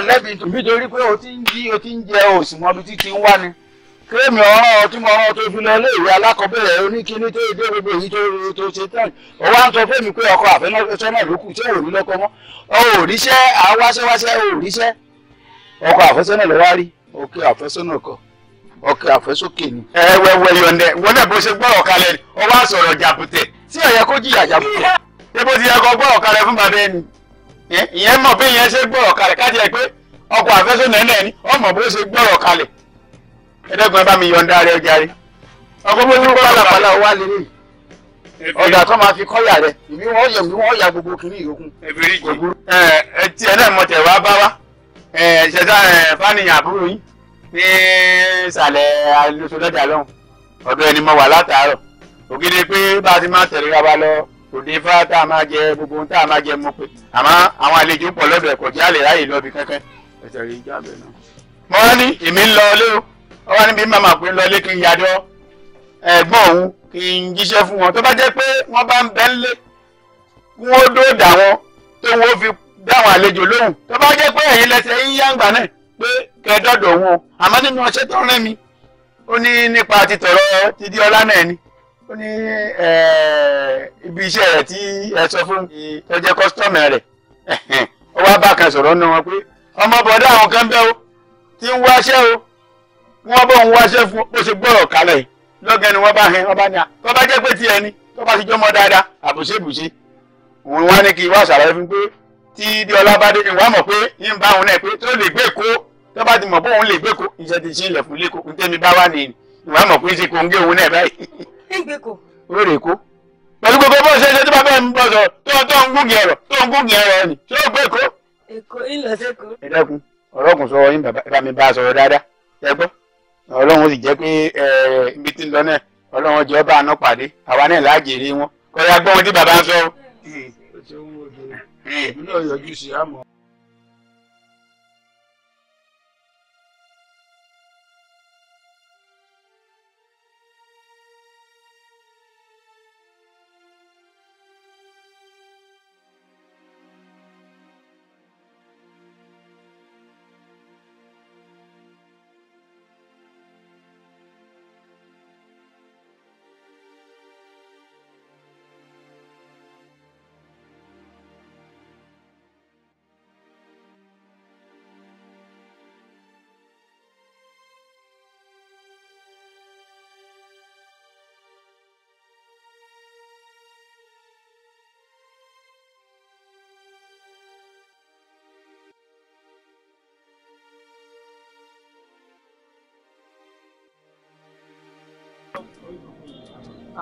lẹ́bi nítorí pé o ti ń jí o ti ń jẹ òsì mọ́bi títí ń wá ni kéèmì ọ̀rọ̀ tí mo rán tó fi lọ iléèwé alákọ̀ọ́bẹ̀rẹ̀ oníkíní tó dé gbogbo èyí tó tó ṣe tán ó wá ń sọ fún mi pé ọkọ àfẹnusọ náà ló kù tí ò rí lọ́kọ mọ́ ọ ò ríṣẹ́ àwáṣẹ́wáṣẹ́ ò ríṣẹ́ ọkọ àfẹsọ́nà lọ́wọ́ rí ọkọ àfẹsọ́nà kọ ọkọ àfẹsókè ni. ẹ wẹwẹ wọn náà bó ṣe gbọ́rọ̀ ìyẹn mọ̀ bí ìyẹn ṣe gbọ́rọ̀ kalẹ̀ káàdì ẹ pé ọkọ àfẹ́sọ̀nà ẹ̀ náà ni ọmọ bó ṣe gbọ́rọ̀ kalẹ̀ ẹ̀ẹ́dẹ́gbọ̀n ẹ bá mi yọ̀ǹda rẹ jàre ọkọ bó ní pálapàla wà lélẹ̀ ọ̀dà tó máa fi kọ́yà rẹ ìbí wọ́n yẹ ìbí wọ́n ya gbogbo kiri ìyókù. ẹ ti ẹ náà mọ tẹ̀ wá bá wa ṣẹ̀dá fàníyàn àbúrò yín ní ìsàlẹ̀ alóṣòlọ́jà lọ́hùn ọ̀dọ̀ ẹni mọ wà látàárọ̀ ògidì pé bá a ti máa tẹ̀lé ra wa lọ kò dé tá a máa jẹ gbogbo tá a máa jẹ mọ pé àmọ́ àwọn àlejò pọ̀ lọ́dọ̀ ẹ̀kọ́ jẹ́ àlè ráyè lọ́bi kankan ẹ̀sẹ̀ rí jáde náà. mo wá ní èmi ń lọ ilé o wọ́n wá níbi màmá pé ń lọ ilé kí n yàdọ́ ẹ̀gbọ́n òun kí n jíṣẹ́ fún wọn tó bá jẹ́ pé wọ́n bá ń bẹ́ ńlé kí wọ́n dóòdà wọn tó wọ́n fi dáwọn àlejò lóhùn tó bá jẹ́ pé ẹ̀yin lẹ́sẹ̀ yín yáǹgbà náà pé kẹ́ẹ̀dọ́dọ̀ wọn àmọ́ nínú ọṣẹ́ tó rẹ́ mi ó ní nípa títọ̀rọ̀ ti di ọlá náà ni ó ní ibi iṣẹ́ rẹ̀ tí ẹ sọ fún mi tó jẹ́ kọ́sítọ́mù rẹ̀ ó wá bá kan sọ̀rọ̀ nù wọn pé ọmọ àwọn kan bẹ́ o tí ń wáṣẹ́ o wọ́n bọ̀ ń wáṣẹ́ fún bó ṣe gbọ́rọ̀ kálẹ̀ yìí lọ́gàn ni wọ́n bá hẹn ọba ní à tó bá jẹ́ pé ti ẹni tó bá ti jọmọ dáadáa àbùṣebùṣe òun wá ní kí wá ṣàlàyé fún pé tí di ọlábádé ni wàá mọ̀ pé yín bá òun náà pé tó lè gbé kó tó bá ti mọ̀ pé lè gbé kó iṣẹ́ ti ṣe ilẹ̀ fún lẹ́kọ̀ọ́ ní bá wà nìyí ni wàá mọ̀ pé ṣe kò ń gé òun náà báyìí ìgbé kò. wéèrè kó pẹ̀lú gbogbo bó ṣe ṣe tí bàbá mi bọ̀ sọ tó tó ń gúngì ẹ̀rọ tó ń gúngì ẹ̀rọ ni ṣé ó gbé kó. èkó ńlọ sẹ́kọ̀ọ́. ẹ dákun ọ̀rọ̀ kùn sọ yín bàbá mi bá a sọ̀rọ̀ dáadáa ẹ gbọ́ ọlọ́run sì jẹ́ pé ibi tí ń lọ náà ọlọ́run jẹ́ bá aná pàdé àwa náà láàjèrè wọn kọ́ra gbọ́n tí bàbá ń sọ. ẹ ẹ ìpínlẹ̀ ọ̀yọ́jú sí àmọ́.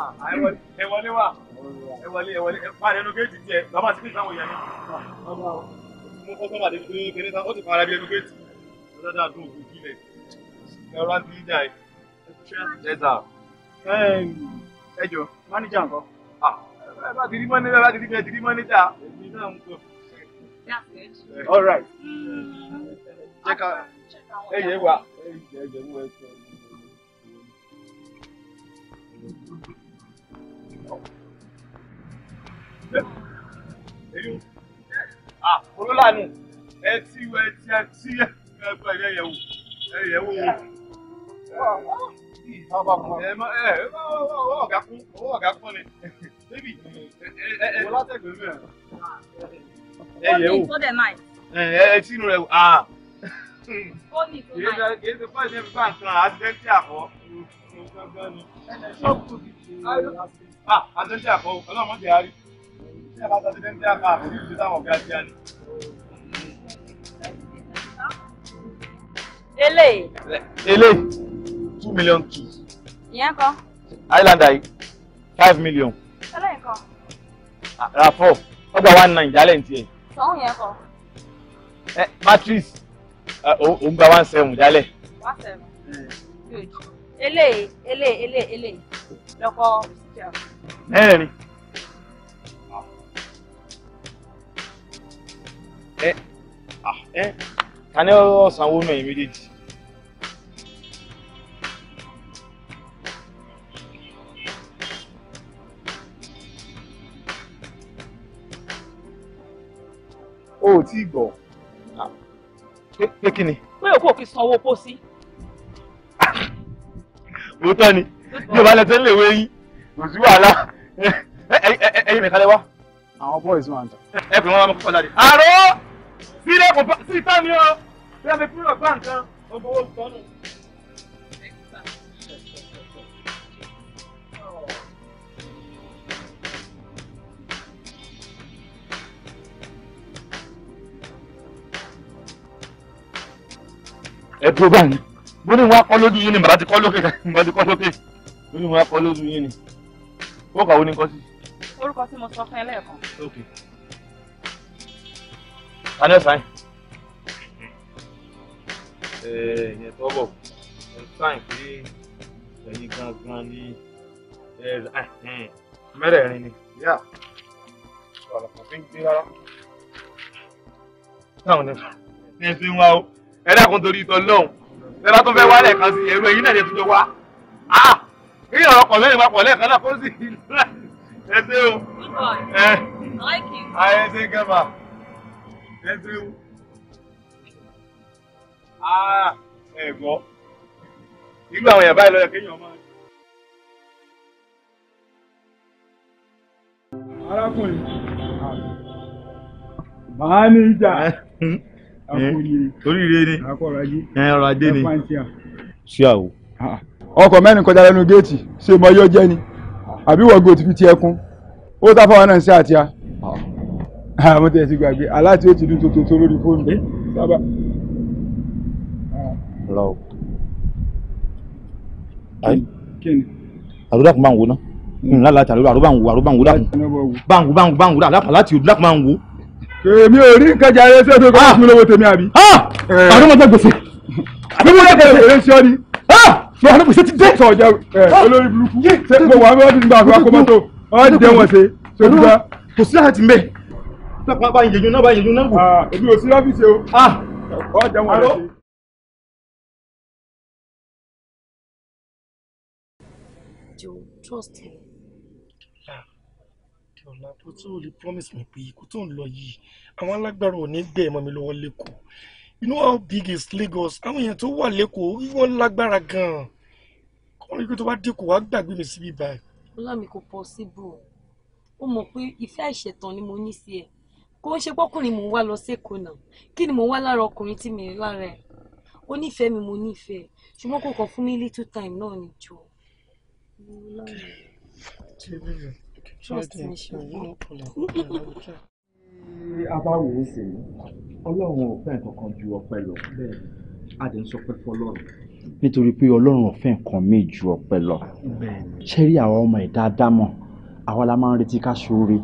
Ah, ẹ wọlé wà ẹ wọlé ẹ wọlé ẹ parí ẹnu géètì tiẹ bàbá àti pípa àwọn èèyàn ni. mo kọ́ sọ́mà débi pé kéré tán ó ti fara bí ẹnu géètì ó dáadáa dùn òkú ìbílẹ̀ ẹ̀rọ àti níjà ẹ̀ ẹ̀ta ẹ̀jọ̀ máníjà nǹkan. ẹ bá ti rí mọ́níjà bá ti rí bẹ́ẹ̀ ti rí mọ́níjà èmi náà ń gbọ́. all right. Mm-hmm. jẹ́ ká ẹ̀yẹ̀ wà ẹ̀yẹ̀ wà ẹ̀yẹ̀ wà. Ah, olùlànà ẹtí ẹtí ẹtí ẹgbẹ ẹyẹ yẹwò ẹyẹ wò wò. ẹ má ẹ ọwọ́ ọ̀gá kún ọwọ́ ọ̀gá kún ni bébì ẹ ẹ látẹgbẹ̀ẹ́ mi ẹ yẹ wò ẹ ẹ tí inú rẹ wò ah. kì í ṣe fáìlì bá nǹkan àádẹ́tì àkọ́ àtẹ̀ntì ah, àkọ́ ọlọ́mọ jẹ́ àárí tí a bá sọ tẹ̀ntì àkọ́ àkọ́rí ìlú táwọn ọ̀gá jẹ́ two million two. ìyẹn kọ́. islander yìí five million. eléyìí kọ́. Ah, ra four ọgbà one nine jálẹ̀ ní tiẹ̀. sọ̀hún yẹn kọ́. ẹ matrix òun gba one seven jálẹ̀. one seven. good eléyìí eléyìí eléyìí eléyìí lọ́kọ́ òsì tí a kọ́ mẹ́rẹ̀ẹ̀rin. ẹ ah, ẹ ta ni ó sanwó náà yìí méjèèjì. o ò tí ì gbọ́ ah, pé kí ni. pé òkú òkè sanwó pósí. lóòótọ́ ah, ni yorùbá lẹ́tọ́ lè wé yín kò sí wàhálà ẹ̀yin mẹ̀kálẹ̀ wá. àwọn boys wà ń tà. ẹ pè wọn wá mọ kókó láde. àrò sílẹ̀ kò bá sí ìta mi o bí a fi kúrò bá nǹkan ọgbọ owó sọnù. ẹ tó báyìí bó ni wọn akọ lójú yín ni bàbá ti kọ lókè bàbá ti kọ lókè bó ni wọn akọ lójú yín ni wọ́n kà wọ́n ní kọ́sí. orúkọ tí mo sọ fún ẹ lẹ́ẹ̀kan. anẹ́ sáyìn. ẹ̀yìn tó bọ̀ sáyìn pé ẹ̀yìn gangan ni ah, mẹ́rẹ̀ẹ̀rin ni yá ọ̀rọ̀ kò fi ń gbé rárá. táwọn ní ẹ fi ń wá o ẹ dákun torí ìtọ́ lọ́hùn ẹ bá tún fẹ́ wálẹ̀ kan sí ẹ̀rù ẹ̀yìn náà lè tún jọ wá. Ah! kí ọ̀rọ̀ pọ̀ lẹ́yìn papọ̀ lẹ́ẹ̀kan náà kó sì eh. ẹ ṣe o. ẹ ẹ ṣe gẹ́fà ẹ ṣe o. ẹ gbọ́ irú àwọn èèyàn báyìí lọ́yọ̀ kéèyàn máa. arákùnrin màáníjà àkòyè eh, hmm. eh, oríire ni ọrọ̀ ajé ni ṣíà o. Ah ọkọ̀ mẹ́rin kọjá lẹ́nu géètì ṣé mo yọ jẹ́ ni àbí wọ́n gòtì fi ti ẹkún ó tá fáwọn náà ṣe àti a. àwọn tẹ̀ ti gbàgbé aláàtì ó ti dún tòótọ́ lórí fóònù sábà. lọ o. ayi àdúrà kan máa ń wo ná lálẹ́ àti àdúrà àdúrà ń wo àdúrà ń wo dákun bá ń wo bá ń wo bá ń wo aláàtì òdúrà kan máa ń wo. èmi ò rí nǹkan jẹ́ ayé sẹ́dọ̀ kọ́ fún mi lówó tèmi àbí. Ah! Eh. àdúrà mọ́tò gbèsè. àbí mo mo wà lóbi ṣe ti dé. sọ jẹ ẹ ah! olórí burúkú ṣe mo wà lóbi nígbà àgbà kọmọtò ah! ọ jẹ wọn ṣe ṣe gbígbá. kò sí láti mbẹ. náà bá ń yẹjú náà bá ń yẹjú náà wò. èmi ò sí lọ́fíìsì o. ọ jẹ wọn ṣe. Joe, trust him. ọ̀la tó tó lè promise mi pé ikú tó ń lọ yìí àwọn alágbára ò ní gbé ẹ̀mọ́ mi lọ́wọ́ lẹ́kọ̀ọ́ you know how big is Lagos àwọn èèyàn tó wà lẹ́kọ̀ọ́ wọ́n lágbára gan-an kọ́ni pé tó bá dẹ́kọ̀ wá gbàgbé mi síbí báyìí. ọlámi kò pọ́síbù ó mọ̀ pé ìfẹ́ àìṣẹ̀tàn ni mo ní sí ẹ̀ kó ń ṣe pọ́kùnrin mò ń wá lọ sẹ́kọ̀ọ́ náà kí ni mò ń wá lára ọkùnrin tí mi lára ẹ̀ ó nífẹ̀ẹ́ mi mo nífẹ̀ẹ́ ṣùgbọ́n kò kàn fún mi little time náà ni jọ. Trust me, sure tí a bá wò ó sí i ọlọ́run ò fẹ́ nǹkan kan ju ọpẹ́ lọ a dẹ̀ ń sọpẹ́ fọlọ́run. nítorí pé ọlọ́run ò fẹ́ nǹkan míì ju ọpẹ́ lọ ṣé rí àwọn ọmọ ẹ̀dá dámọ̀ àwa la máa ń retí ká ṣoore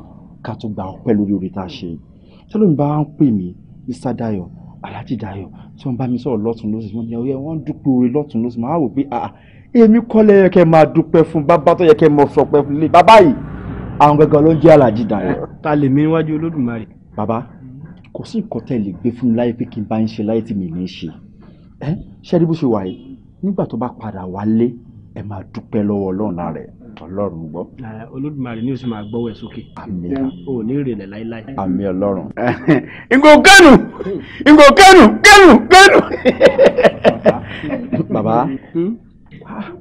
ká tó gba ọpẹ́ lórí oore tá a ṣe tí olómi bá ń pè mí Mr. Dayo Alhaji Dayo tí wọ́n bá mi sọ̀rọ̀ lọ́tún lósì wọ́n ní ọyẹ wọ́n ń dúpẹ́ oore lọ́tún lósì máa wò pé èmi kọ́ lẹ́yẹ kẹ́ máa dúpẹ́ fún bàbá tó yẹ kẹ́ mọ̀ sọpẹ́ fún lé bàbá yìí àwọn gangan ló ń jẹ́ alájí dàrẹ́. ta lè mi níwájú olódùmarè. bàbá kò sí nǹkan tẹ́ lè gbé fún mi láyé pé kí n bá ń ṣe láyé tí mi ní í ṣe ẹ ṣẹ́ni bó ṣe wà yìí nígbà tó bá padà wálé ẹ máa dúpẹ́ lọ́wọ́ ọlọ́run lára ẹ̀ ọlọ́run gbọ́. olódùmarè ni o máa gbọ́wọ́ ẹ̀ sókè. àmín o ní ìrẹ̀lẹ̀ láíláí. àmín ọlọ́run. ngo kẹnu ngo kẹnu kẹnu kẹnu. bàbá hmm? Ah,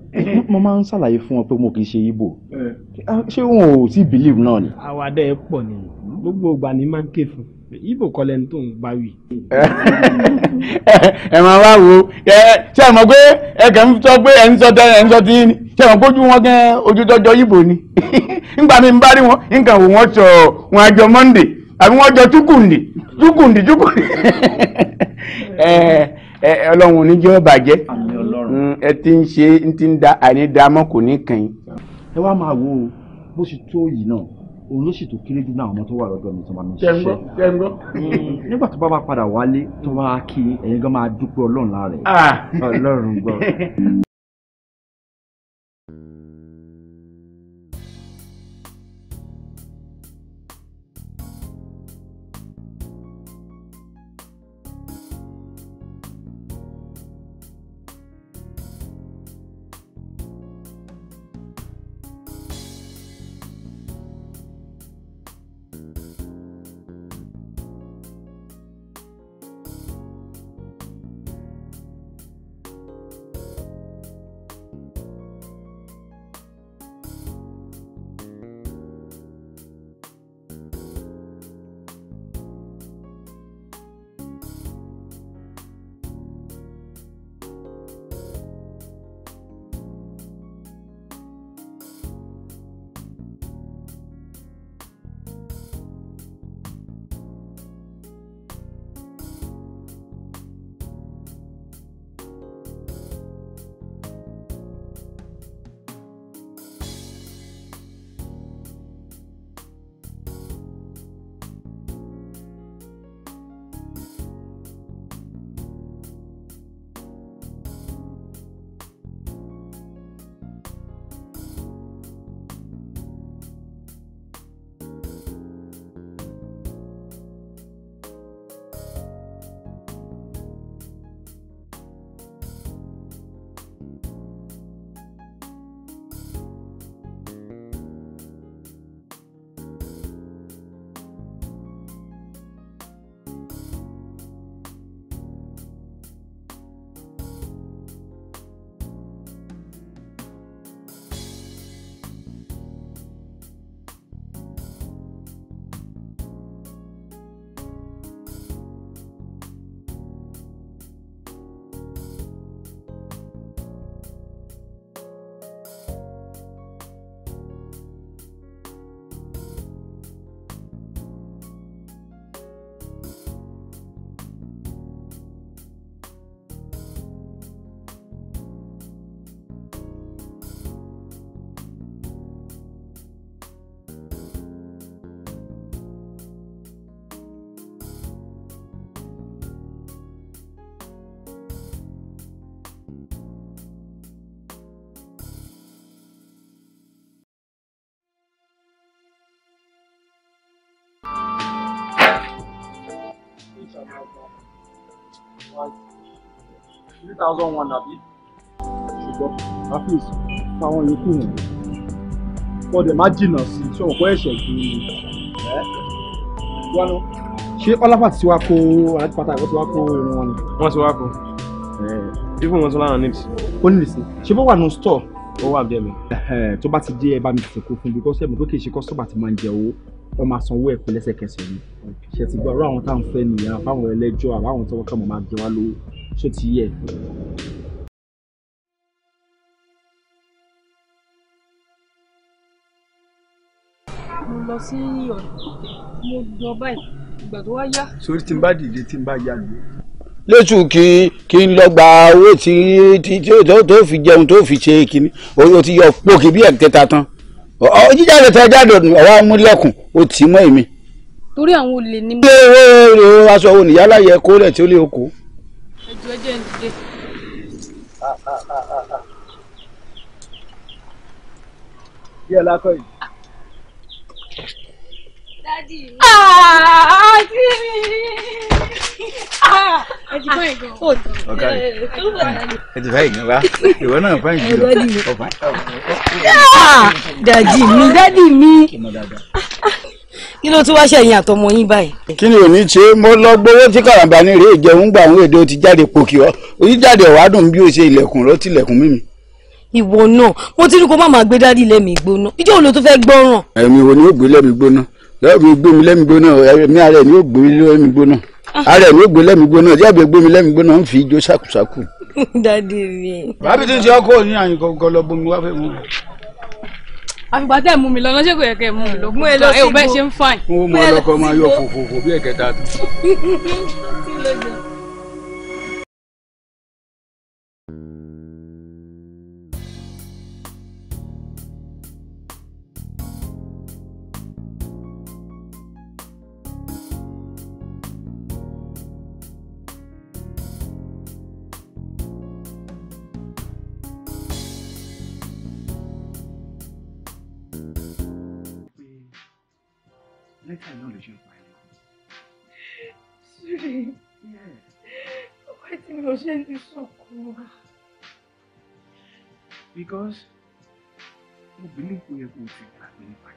mo máa ń ṣàlàyé fún ọ pé mo kì í ṣe ibo eh. ah, ṣé wọn ò sí believe náà ni. àwàdà ẹ pọ̀ ni gbogbo ìgbà ni máa ń ké fún ibo kọlẹ ní tó ń bá wì. ẹ máa wá wo ṣé ẹ mọ̀ pé ẹ kàn ń sọ pé ẹ ń sọ tẹ ẹ ń sọ tiyín ni ṣé ẹ mọ̀ wọn gan ojú ibo ni nígbà mi ń bá rí wọn nǹkan wò wọn sọ wọn àjọ Monday àbí wọn jọ túkùndì túkùndì túkùndì ẹ ẹ Ọlọ́run ò ní jẹ́ ó bàjẹ́. Mm, ẹ ti ń ṣe ń ti ń da àìnídàámọ́ kò ní kàn yín. ẹ wá máa wo bó ṣe tó yìí náà òun ló sì tó kéré jù náà ọmọ tó wà lọ́dọ̀ mi tó máa ń ṣiṣẹ́ mm, nígbà tó bá bá padà wálé tó bá kí ẹ̀yin gan máa dúpẹ́ ọlọ́run lára ẹ̀ ah. ọlọ́run gbọ́. three thousand one àbí. ṣùgbọ́n afis fáwọn yòókù hàn kọ́dẹ̀ má jìnnà sí i ṣọ̀pọ̀ ẹ̀ṣẹ̀ gbìyànjú. wọnú ṣé e ọlọ́pàá ti wá kó aláàjì pátá ìwọ́n ti wá kó irun wọn ni. wọ́n ti wá kó even wọn tún lára níbi. ó ní ìsìn ṣé bó wà nù store. ó wà bẹ́ẹ̀ mi. tó bá ti dé ẹ bá mi tètè kó fún mi because ẹ mọ̀ pé kì í ṣe customer ti máa ń jẹ owó wọ́n máa sanwó ẹ̀kọ́ lẹ́sẹ̀kẹsẹ̀ ni ṣe ti gbọ́ ọ̀rọ̀ àwọn táwọn fẹ́ nìyẹn àbáwọn ẹlẹ́jọ́ àbáwọn tọwọ́ kàn máa jẹ wá lówó ṣó ti yẹ. mo lọ sí mo lọ báyìí ìgbà tó wá yá. sórí tí n bá dìde tí n bá yá lò. lóṣù kí kí n lọ gba owó tí tí tó fi jẹun tó fi ṣe kínní o ti yọ pókì bí ẹ̀kẹta tán jíjáde tẹ jáde ọwọ́ amúlẹ̀kùn ó tì í mọ́ èmi. torí àwọn olè ni. ilé owó aṣọ wo nìyá láyẹ kó rẹ̀ tí ó lé oko. ẹjọ ẹjẹ ń dìde. bí ẹ lákọ yìí. Ah, mi. ah, ẹjì fún ìgbọ̀n. ọ̀gá ẹjì fún ìgbọ̀n wa ìwọ náà fún ìgbọ̀n. dádì mi dádì mi kí ló tún wá ṣẹ̀yìn àtọmọ yín báyìí. kí ni òní ṣe mo lọ gbowó tí karamba ní rèé jẹun gbà àwọn èdè ó ti jáde pòkì ọ oyin jáde ọ̀wá dùn bí ó ṣe ilẹ̀kùn rọ ti ilẹ̀kùn mímì. ìwọ náà mo ti ní kó má máa gbé dádì lẹ́mìí gbóná ìjọ wo ló tún fẹ́ gbọ́ràn. ẹ̀mí wo ni ó gbé lẹ́mìí gbóná lọ́ọ̀bù gbómi lẹ́mi gbóná ẹ̀mí ara ẹ̀mí ò lẹ́mi gbóná ara ah. ẹ̀mí ò gbómi lẹ́mi gbóná ọjọ́ àbẹ̀ gbómi lẹ́mi gbóná ń fi tí ṣe ọkọ àyìn lọ bomi wá àfìgbà tẹ mú mi lọ kò yẹ mú mi lọ mú Thank you so much. Because mo believe pé o ti gbàgbé nípa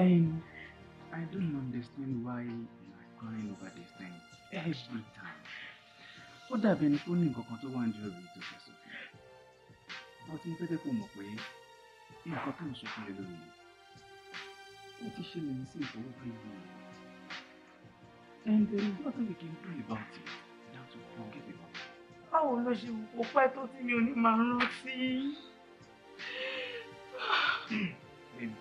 And I don't understand why you are crying over this thing every time. Ó dàbí ẹni tó ní nǹkan kan tó wà ní ọ̀rọ̀ ètò ìfẹ́ sọ́fún. Wọ́n ti ń pẹ́ kó mọ̀ pé nǹkan tó ń sọ́kún lé lórí mi. Ó ti ṣe lèmi sí ìfowópamọ́ ìlú. And there is nothing we can do about it. Now to forget báwo ló ṣe wù kó pẹ́ tó tí mi ò ní máa rántí. Hmm? it.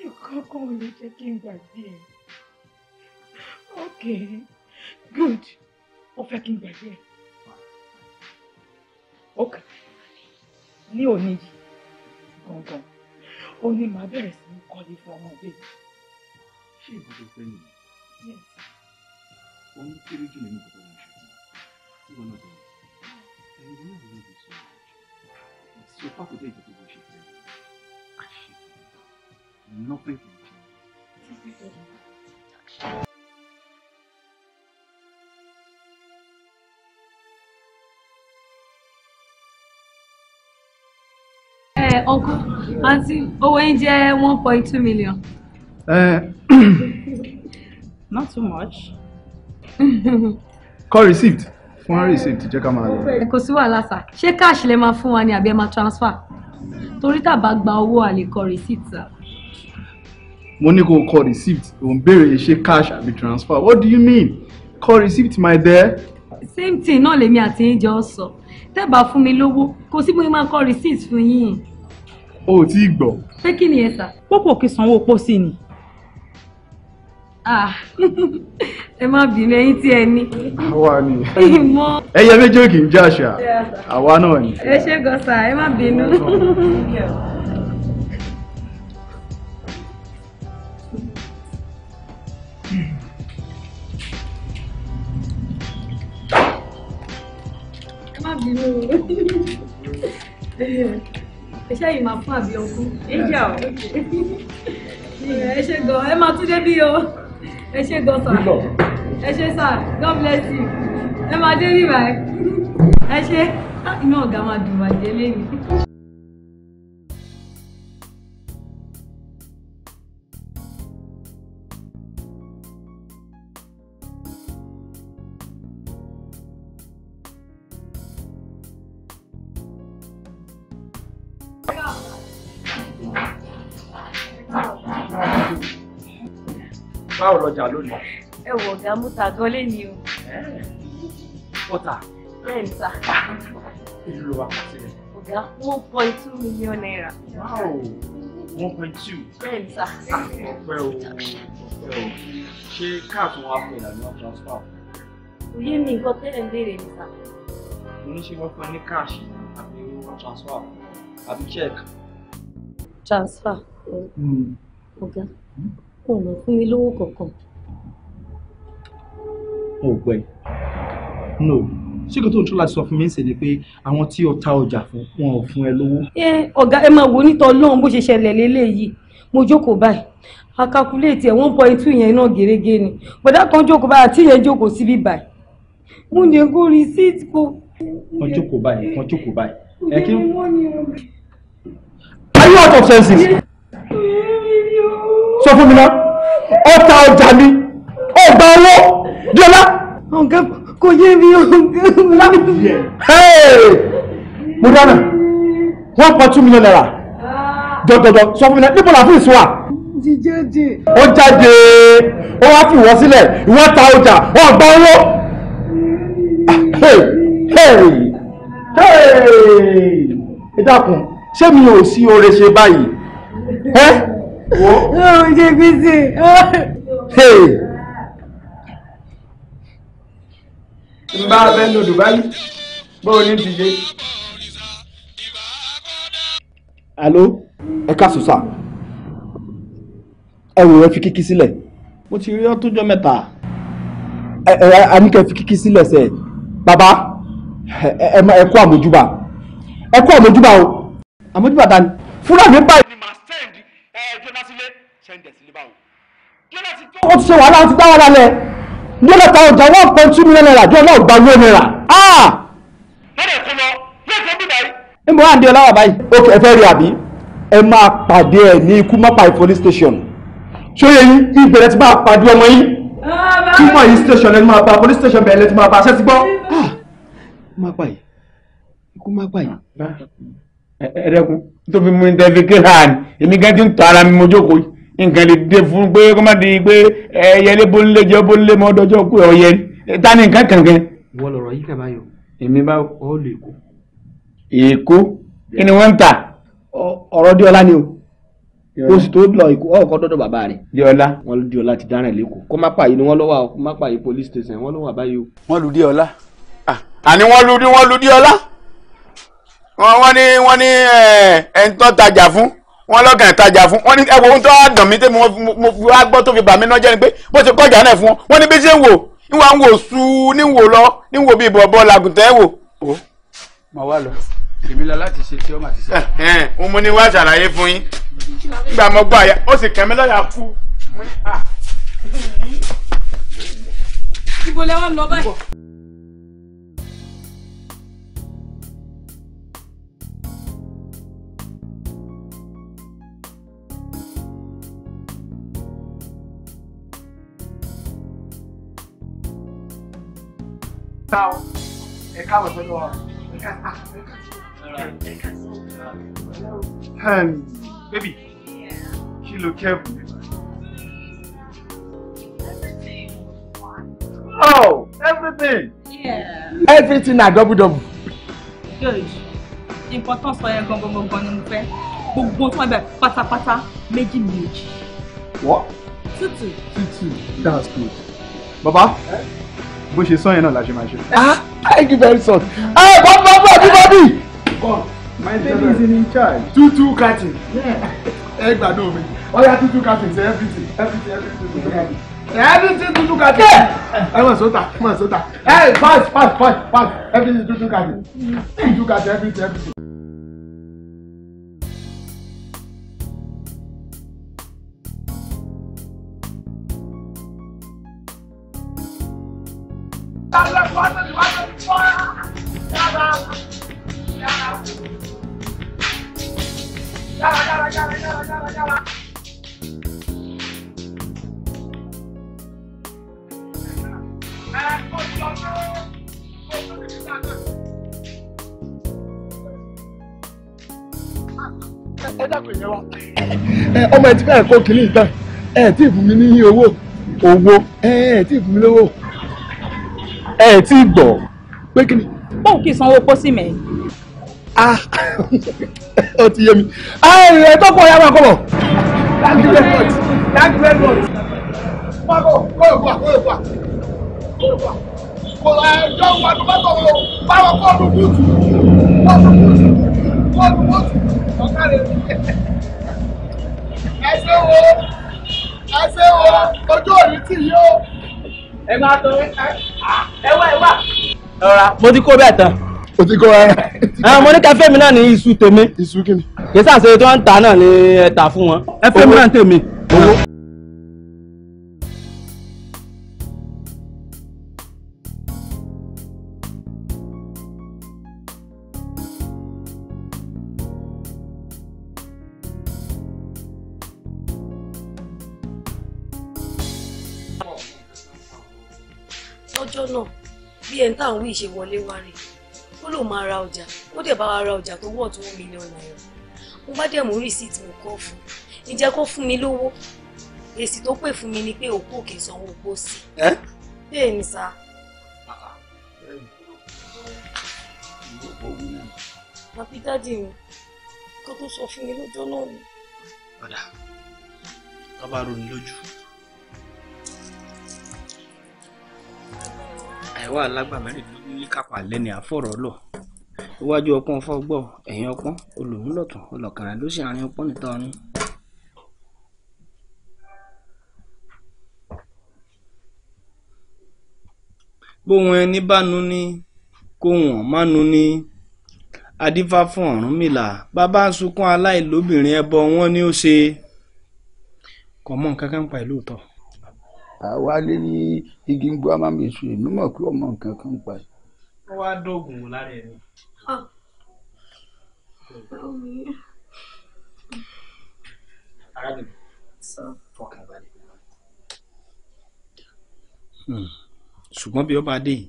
Ìkọ̀kọ̀ ò lè jẹ́ kí n gbàgbé ẹ̀. Okay, good. Ó fẹ́ kí n gbàgbé ẹ̀ ok ní òní yìí gangan ó ní màá bẹ̀rẹ̀ sí ní kọ́lé fún ọmọ bẹ́ẹ̀. ṣé ìbùdó fẹ́ mi? òun kéré jù nínú gbogbo ọmọ ìṣòro tí wọn náà bẹ̀rẹ̀ ẹ̀yin náà ló lè sọ sí ọpá kò dé ìjọba ìjọba ṣe fẹ́ àṣẹ nothing can change. ọkọ àǹtí owó yín one point two million. Uh, not too much. call received. fún wa receipt jẹ́ ká máa lọ. Eh, kò sí wàhálà sá ṣé cash lè máa fún wa ni àbí ẹ máa transfer torí tá a bá gba owó a lè kọ receipt sá. mo ní kó o kọ receipt ò ń béèrè ṣé cash àbí transfer what do you mean call received, my dear. same thing náà lèmi àti yín jọ sọ tẹ́ bá fún mi lówó kò sí bóyá máa kọ receipt fún yín o ò tí ì gbọ́. ṣé kí ni ẹ sà. pọ́pọ̀ kí sanwó opó sí ni. Ah, ẹ má bínú ẹ̀yin tí ẹ ní. àwa ni ẹyẹ méjì kì í jẹ àṣà àwa náà ni. ẹ ṣe gọ́sà ẹ má bínú. ẹ má bínú. iṣẹ́ yìí máa fún àbí ogún ẹjà o ẹ ṣe gan ẹ máa tún débí o ẹ ṣe gan sà ẹ sà God bless you ẹ máa dé bíbá ẹ ẹ ṣe inú ọ̀gá máa dùn wájú eléyìí. báwo lọjà lónìí. ẹ wọ ọgá mú ta gan lẹni o. ó ta. bẹ́ẹ̀ ni ta. èlò ló wà kọ sílẹ̀. ọgá one point two million naira. wow one point two. bẹ́ẹ̀ ni ta. Ah, ọpẹ́ o ọpẹ́ o ṣé káàtó wa pè ní wọn transfer. òye mi nǹkan tẹ́lẹ̀ ń béèrè níta. oníṣẹ́ wọn fún ẹ ní káàṣì àbí wọn transfer àbí check. transfer. Hmm. ọ̀gá. Mm. Okay. Mm kò ní fún mi lówó kankan. mo gbẹ no ṣé kí n tó ń tún láti sọ fún mi ń ṣe ni pé àwọn tí o ta ọjà fún wọn ò fún ẹ lówó. ẹ ọ̀gá ẹ máa wo nítọ́ lọ́hùn bó ṣe ṣẹlẹ̀ lélẹ́yìí mo jókòó báyìí a calculate ẹ̀ one point two yẹn náà gèrègè ni bọ̀dá kan jókòó báyìí àti yẹn jókòó síbí báyìí mo lè kó receipt kó. kan jókòó báyìí kan jókòó báyìí. ẹ kí. are you out of senses sọ fún mi náà ọta ọjà ni ọgbà owó diola. ọ̀gá kò yé mi ọ̀gá mi. mo dáná one point two million naira dọ̀dọ̀dọ̀ sọ fún mi náà níbo làbúrò sí wa. jíjáde. ó jáde ó wá fi ìwọ sílẹ̀ ìwọ ta ọjà ọgbà owó. ẹ dákun ṣé mi ò sí oore ṣe báyìí. Oh, yóò ṣe gbèsè. n bá fẹ́ lọ Dubai bó o ní ti ṣe. alo ẹ káàsùn sá ẹrù rẹ fi kíkí sílẹ̀. mo ti rí ọ tó jọ mẹ́ta. ẹ ẹ aníkẹ́ fi kíkí sílẹ̀ sẹ́ẹ̀ bàbá ẹ ẹ kú àmójúbà ẹ kú àmójúbà o. àmójúbà ta ni. fúlàní báyìí ni màá ẹ jóná sílé ṣe ń tẹ̀sílé báwọn. jóná ti ó ti ṣe wàhálà ti dá lẹ jóná ta ọjà one point two million naira jóná ọgbà owó naira. Ah! lọ́dẹ̀ tó lọ yóò tó bí báyìí. ń bọ̀ ọlọ́wà báyìí. ok ẹ fẹ́ rí àbí ẹ máa pàdé ẹ ní ikú mọ́pàá police station ṣóyè yín ìbẹ̀rẹ̀ ti máa pàdé ọmọ yín tí wọ́n yìí station ẹni máa pa police station bẹ̀rẹ̀ ti máa pa àṣẹ ti gbọ́. Ah! má pa yìí ikú má yìí. Ah ẹ̀ẹ́dẹ́kun tó fi mú ní tẹ́lifí kéhàn èmi gan ti ń tọ́ ara mi mo jókòó nǹkan lè dé fún pé kó má di pé ẹyẹlé bónlé jẹ́ bónlé mọ́ dọ́jọ́ pé ọyẹ ta ni nǹkan kankan. ìwọ lọ̀rọ̀ yìí kàbá yọ. èmi bá ọ lè kó. èkó kí ni wọ́n ń tà. ọ̀rọ̀ diola ni o o sì tó lọ ìkó ọkọ̀ dọ́dọ̀ bàbá rẹ̀. diola wọn lu diola ti dáràn lẹ́kọ̀ọ́ kó má pààyè ni wọ́n lọ́wọ́ kó má pààyè police station wọ́n lọ́wọ́ àbáyé o. wọ́n lu diola àní wọ́n lu dí wọ́n lu diola wọ́n ní wọ́n ní eh, ẹni tó tajà fún wọ́n lọ́kàn ìtajà fún wọ́n ní ẹ̀wọ̀n ohun tó á dàn mí tẹ́ mo fi wá gbọ́ tó fi bà mí náà jẹ́ ni pé bó ṣe kọjá náà fún wọn wọ́n ní bí ṣe ń wò níwà ń wò sú níwò lọ níwò bíi bọ̀bọ̀ làgùntàn wò. o mà wá lọ èmi la láti ṣe tí ó mà ti ṣe. òun mo ní wá ṣàlàyé fún yín gbà mọ́ gbọ́ àyà ó sì kẹ́mi lọ́yà kú. ibo lẹ́wọ̀n lọ báyìí. káàbọ̀ sọ́dọ̀ wa. baby kí ló kẹ́ẹ̀bù mi. Oh, everything. Yeah. Everything na double double. Good. Important sọ yẹn gan gan gan ni mo fẹ́. Gbogbo tó ẹbẹ̀ pátápátá méjì méjì. What? Tútù. Tútù. That's good. Bàbá. Eh? bó ṣe sọ yẹn náà la ṣe máa ṣe. ah thank you very much. ẹ ah, bọ́ bọ́ bọ́ bí bọ́ bí. my baby is in charge. tutu katin ẹ gbàdúrà mi ọ̀ya tutu katin say everything everything everything tutu katin everything tutu katin ẹ mọ̀ sóta mọ̀ sóta ẹ pass pass pass pass everything tutu katin mm. tutu katin everything everything. ọmọ ẹ ti fẹ́ kó kiri ẹ ti fún mi ní owó owó ẹ ti fún mi lówó ẹ ti gbọ́ pé kí ni. bóun kì í sanwó pósí mẹ́. ah ó ti yé mi ẹ tọ́pọ̀ ya máa kọ́ bọ̀. thank you very much thank you very much. máa bọ̀ kó o gbà kó o gbà kó o gbà kó o ẹjọ́ wà ló bá tọ̀ wọ́n bá wọn kọ́ ọdún búùtù kọ́ọ̀dù búùtù kọ́ọ̀dù búùtù ọ̀ká rẹ̀ ẹ ṣe wo ẹ ṣe wo ojú òní tì yí o ẹ máa tọ ẹ wá ẹ wá. ọ̀rá mo ti kó bẹ́ẹ̀ tán. o ti kó ara. ẹ mo ní kẹfẹ́ mi náà ní iṣu tèmi. iṣu kí ni. kì í sàṣeyẹ tó ń ta náà ni ẹ ta fún wọn. ẹ fẹ́ mi náà tèmi. owó. ẹni táwọn wí ṣe wọlé wá rè ó lóun máa ra ọjà ó dẹ̀ bá wa ra ọjà tó wọ̀ tó wọ́n mílíọ̀nù náírà mo bá dẹ̀ mú rìsíìtì mo kọ́ fún ìjẹ́ kó fún mi lówó èsì tó pè fún mi ni pé òkú òkè sanwó ògbó sí i bẹ́ẹ̀ ni sá. àbí dádì mi kó tó sọ fún mi lọ́jọ́ náà ni. padà ká bá ronú lójú àìwá alágbàmẹ́rìndínlógún líkàpá lẹ́ni àfọ̀rọ̀ lọ iwájú ọpọ́n fọ́gbọ́ ẹ̀yìn ọpọ́n olùmúlọ̀tún ọlọ́kàrà ló sì àárín ọpọ́n níta ọ̀run. bóun ẹni bá nu ni kó wọ́n má nu ni adífá fún Ọ̀rúnmìlà bàbá ń sunkún aláìlóbìnrin ẹbọ wọn ni ó ṣe kọ̀mọ́ nǹkan kan pa ìlú tọ̀ àwa lé ní igi ń gbọ́ àmàmì èso èmi mọ̀ pé ọmọ nǹkan kan ń pa ẹ̀. ó wá dóògùn lára ẹni. Ah. arábìnrin fọkàn balẹ̀. Hmm. ṣùgbọ́n bí ọba adé yìí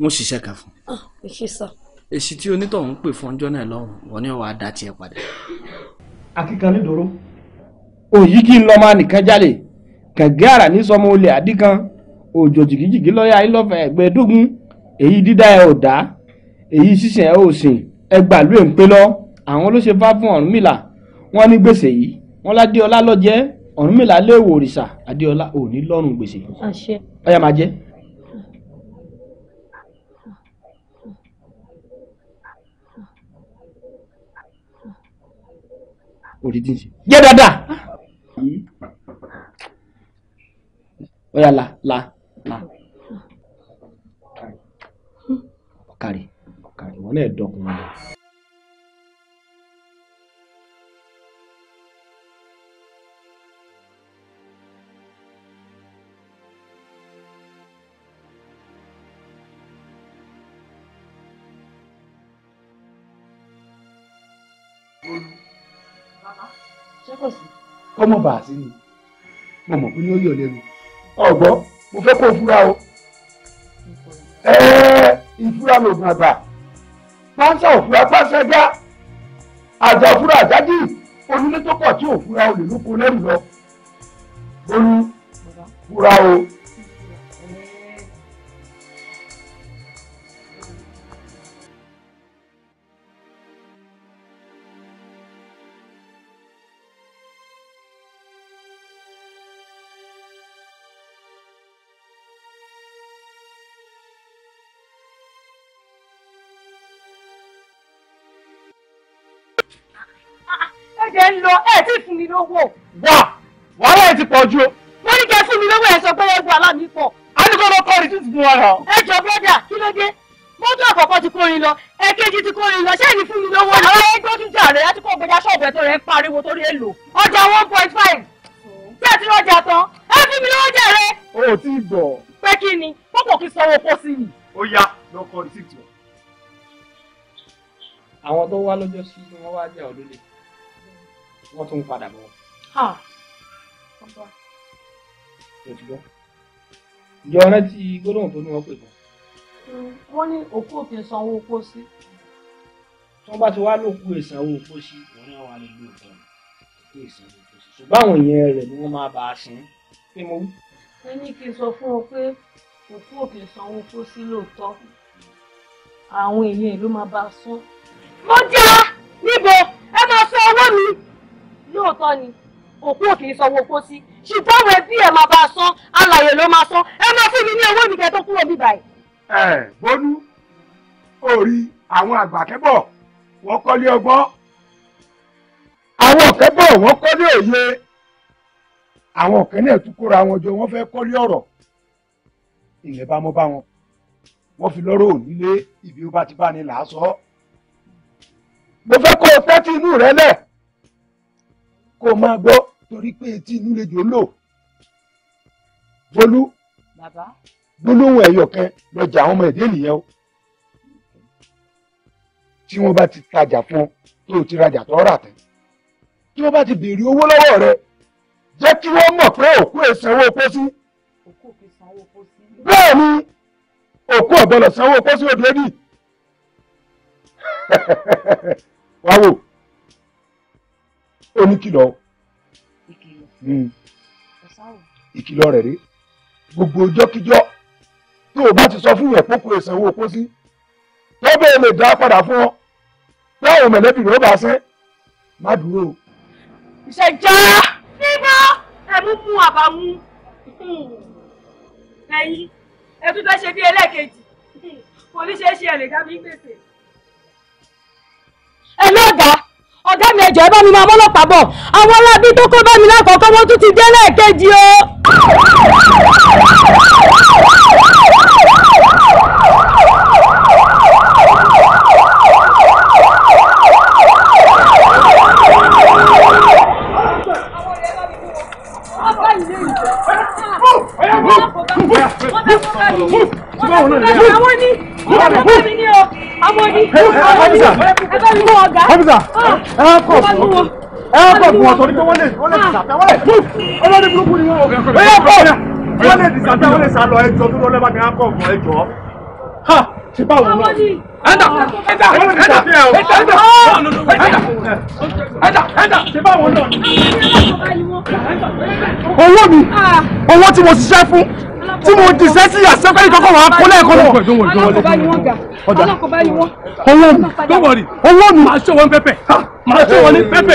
wọ́n ṣiṣẹ́ kan fún. Ah, èsì tí onítọ̀hún pè fún ọjọ́ náà lọ́rùn wọ́n ní wàá dá tiẹ̀ padà. akíkanlẹ̀ dòró òyìí kí n lọ́ọ́ máa nìkan jálè kẹ̀kẹ́ àrà ní sọmọ olè àdìkan òjò jìgìjìgì lọ́yà ìlọ́fẹ̀ ẹgbẹ̀ẹ́dógún èyí dídá ẹ ò dá èyí sísìn ẹ ò sìn ẹ gbàlú ẹ̀ ń pé lọ àwọn ló ṣe fá fún Ọ̀rúnmìlà wọ́n ní gbèsè yìí wọ́n ládéọlá lọ́jẹ́ Ọ̀rúnmìlà léèwò òrìṣà adéọlá ò ní lọ́rùn gbèsè ọyà máa jẹ́. òdìdí jẹ́ ó yà là là là ọ̀kàrì ọ̀kàrì wọn náà dọkùnrin lọ. kọ́mọ̀ bàá sí ni mo mọ̀ pé ní ó yọ̀ lẹ́nu ọ̀gbọ́ mo fẹ́ kó fura o ìfura lògùn àgbà pánsá òfura pánsá já àjà òfura àjájì onílé tó kọ̀ tí òfura olè ló kó lẹ́rù lọ olú fura o. lọ ẹ ti fún mi lówó. wà wàhálà ẹ ti pọ̀ ju. wọ́n ní kẹ́ fún mi lówó ẹ sọ pé ewu alámi pọ̀. a ní kọ́ lọ kọ́ rìsí ti fún wa rà. ẹ jọ bọ́dà kí ló dé mọ́tò àkọ́kọ́ ti kórin lọ ẹ̀kejì ti kórin lọ ṣẹ́yìn ní fún mi lówó lọ. àwọn ẹgbẹ́ tún jà rẹ̀ láti kó gbẹdá ṣọ́ọ̀bù ẹ̀tọ́ rẹ̀ pariwo torí èlò. ọjà one point five bí ẹ ti rọjà tán ẹ fún mi lówó jẹ o ò tí ì gbọ́. pé kí ni pọ́pọ̀ kí sanwó kó sí i. ó yá lọ kọ rìsíìtì àwọn tó wá lọ́jọ́ sí wọn wá jẹ́ ọ̀dọ́lẹ̀ wọ́n tún ń padà bọ̀. ìjọ rántí gbólóhùn tó ní wọ́n pè fún. wọ́n ní òkú òfin sanwó opó sí. tí wọ́n bá ti wá lókù ìsanwó opó sí òun náà wà lè gbé òkú ọ̀hún kí ìsanwó opó sí. ṣùgbọ́n àwọn èèyàn rẹ̀ ni wọ́n máa bá a sìn pé mo wí. ẹ ní kí n sọ fún ọ pé òkú òfin sanwó opó sí lóòótọ́ àwọn èèyàn ló máa bá a sún. mo já níbo ẹ máa sọ ọwọ́ mi lóòótọ́ ni òkú òkè ìsanwó kó sí ṣùgbọ́n àwọn ẹbí ẹ̀ máa bá a san alàyè ló máa san ẹ máa fún mi ní owó mi kẹ́ tó kúrò mi báyìí. ẹ bọ́nú orí àwọn àgbàkẹ́bọ̀ wọ́n kọ́lé ọgbọ́n àwọn ọ̀kẹ́bọ̀ wọ́n kọ́lé òye àwọn ọ̀kẹ́ náà tún kóra wọn jọ wọ́n fẹ́ kọ́lé ọ̀rọ̀ ilẹ̀ bá mọ́ bá wọn wọ́n fi lọ́rọ̀ onílé ìbí ó bá ti bá ní làásọ. mo fẹ́ kó o tẹ́tí inú rẹ lẹ̀ kó o máa gbọ́ torí pé etí inú lè jò lò. Bolú. Bàbá. Gbólóhùn ẹ̀yọ̀ kan lọ́jà àwọn ọmọ ẹ̀dẹ́ nìyẹn o. Tí wọ́n bá ti tajà fún ọ tó o ti rajà tó rà tán. Tí wọ́n bá ti béèrè owó lọ́wọ́ rẹ, jẹ́ kí wọ́n mọ̀ pé òkú èsànwó pósí. Òkú òkè sanwó pósí. Bẹ́ẹ̀ ni òkú ọ̀bọ̀lọ̀ sanwó pósí òdòdì. Wá wò oníkìlọ̀ ìkìlọ̀ hmm. rẹ̀ rí gbogbo ọjọ́kíjọ́ tí o bá ti sọ fún yẹn kókó ìsanwó kó sí lọ́bẹ̀ lè dá padà fún ọ láwọn mẹ̀lẹ́bí rẹ̀ ó bá sẹ́ má dúró. ìṣèjọ́ nígbà ẹ̀mú fún àbámú hmm. ẹ̀yìn ẹ̀tún tó ṣe bí ẹlẹ́ẹ̀kejì hmm. kò ní ṣeé ṣe ẹ̀ lè dá mi gbèsè. ẹ lọ́ọ̀dà ọ̀gá mi ẹ̀jọ̀ ẹ bá mi máa mọ́lọ́pàá bọ̀ àwọn alábí tó kó bá mi lákọ̀ọ́kọ́ wọn tún ti dé lẹ́ẹ̀kejì o. Move! Move! Move! Move! Move! Move! Move! Move! Move! Move! Move! Move! ọmọdé ọmọdé ẹ bá mi mú ọgá ah. ẹ kọ fún ọ ẹ kọ fún ọ torí pé wọ́n lè wọ́n lè ah. sàtẹ́ wọ́n lè tú ọlọ́dún burúkú ni wọ́n ẹ kọ wọ́n lè sàtẹ́ wọ́n lè sàlọ ẹjọ́ tó lọ́lẹ́ bá mi á kọ fún ẹjọ́ ha ṣe báwo lọ. ẹ̀dà ẹ̀dà ẹ̀dà ẹ̀dà ẹ̀dà ẹ̀dà ẹ̀dà ṣe báwo lọ. owó mi ah. owó tí mo ṣiṣẹ́ fún tí mo dìṣẹ́ sí àṣẹ pé ìkọ́kọ́ wà á kó lẹ́ẹ̀kan náà. ọlọ́kọ̀ọ́bá ni wọ́n ga ọlọ́kọ̀ọ́bá ni wọ́n. owó mi owó mi owó mi. màá ṣọwọ́ pẹ́pẹ́ màá ṣọwọ́ ní pẹ́pẹ́.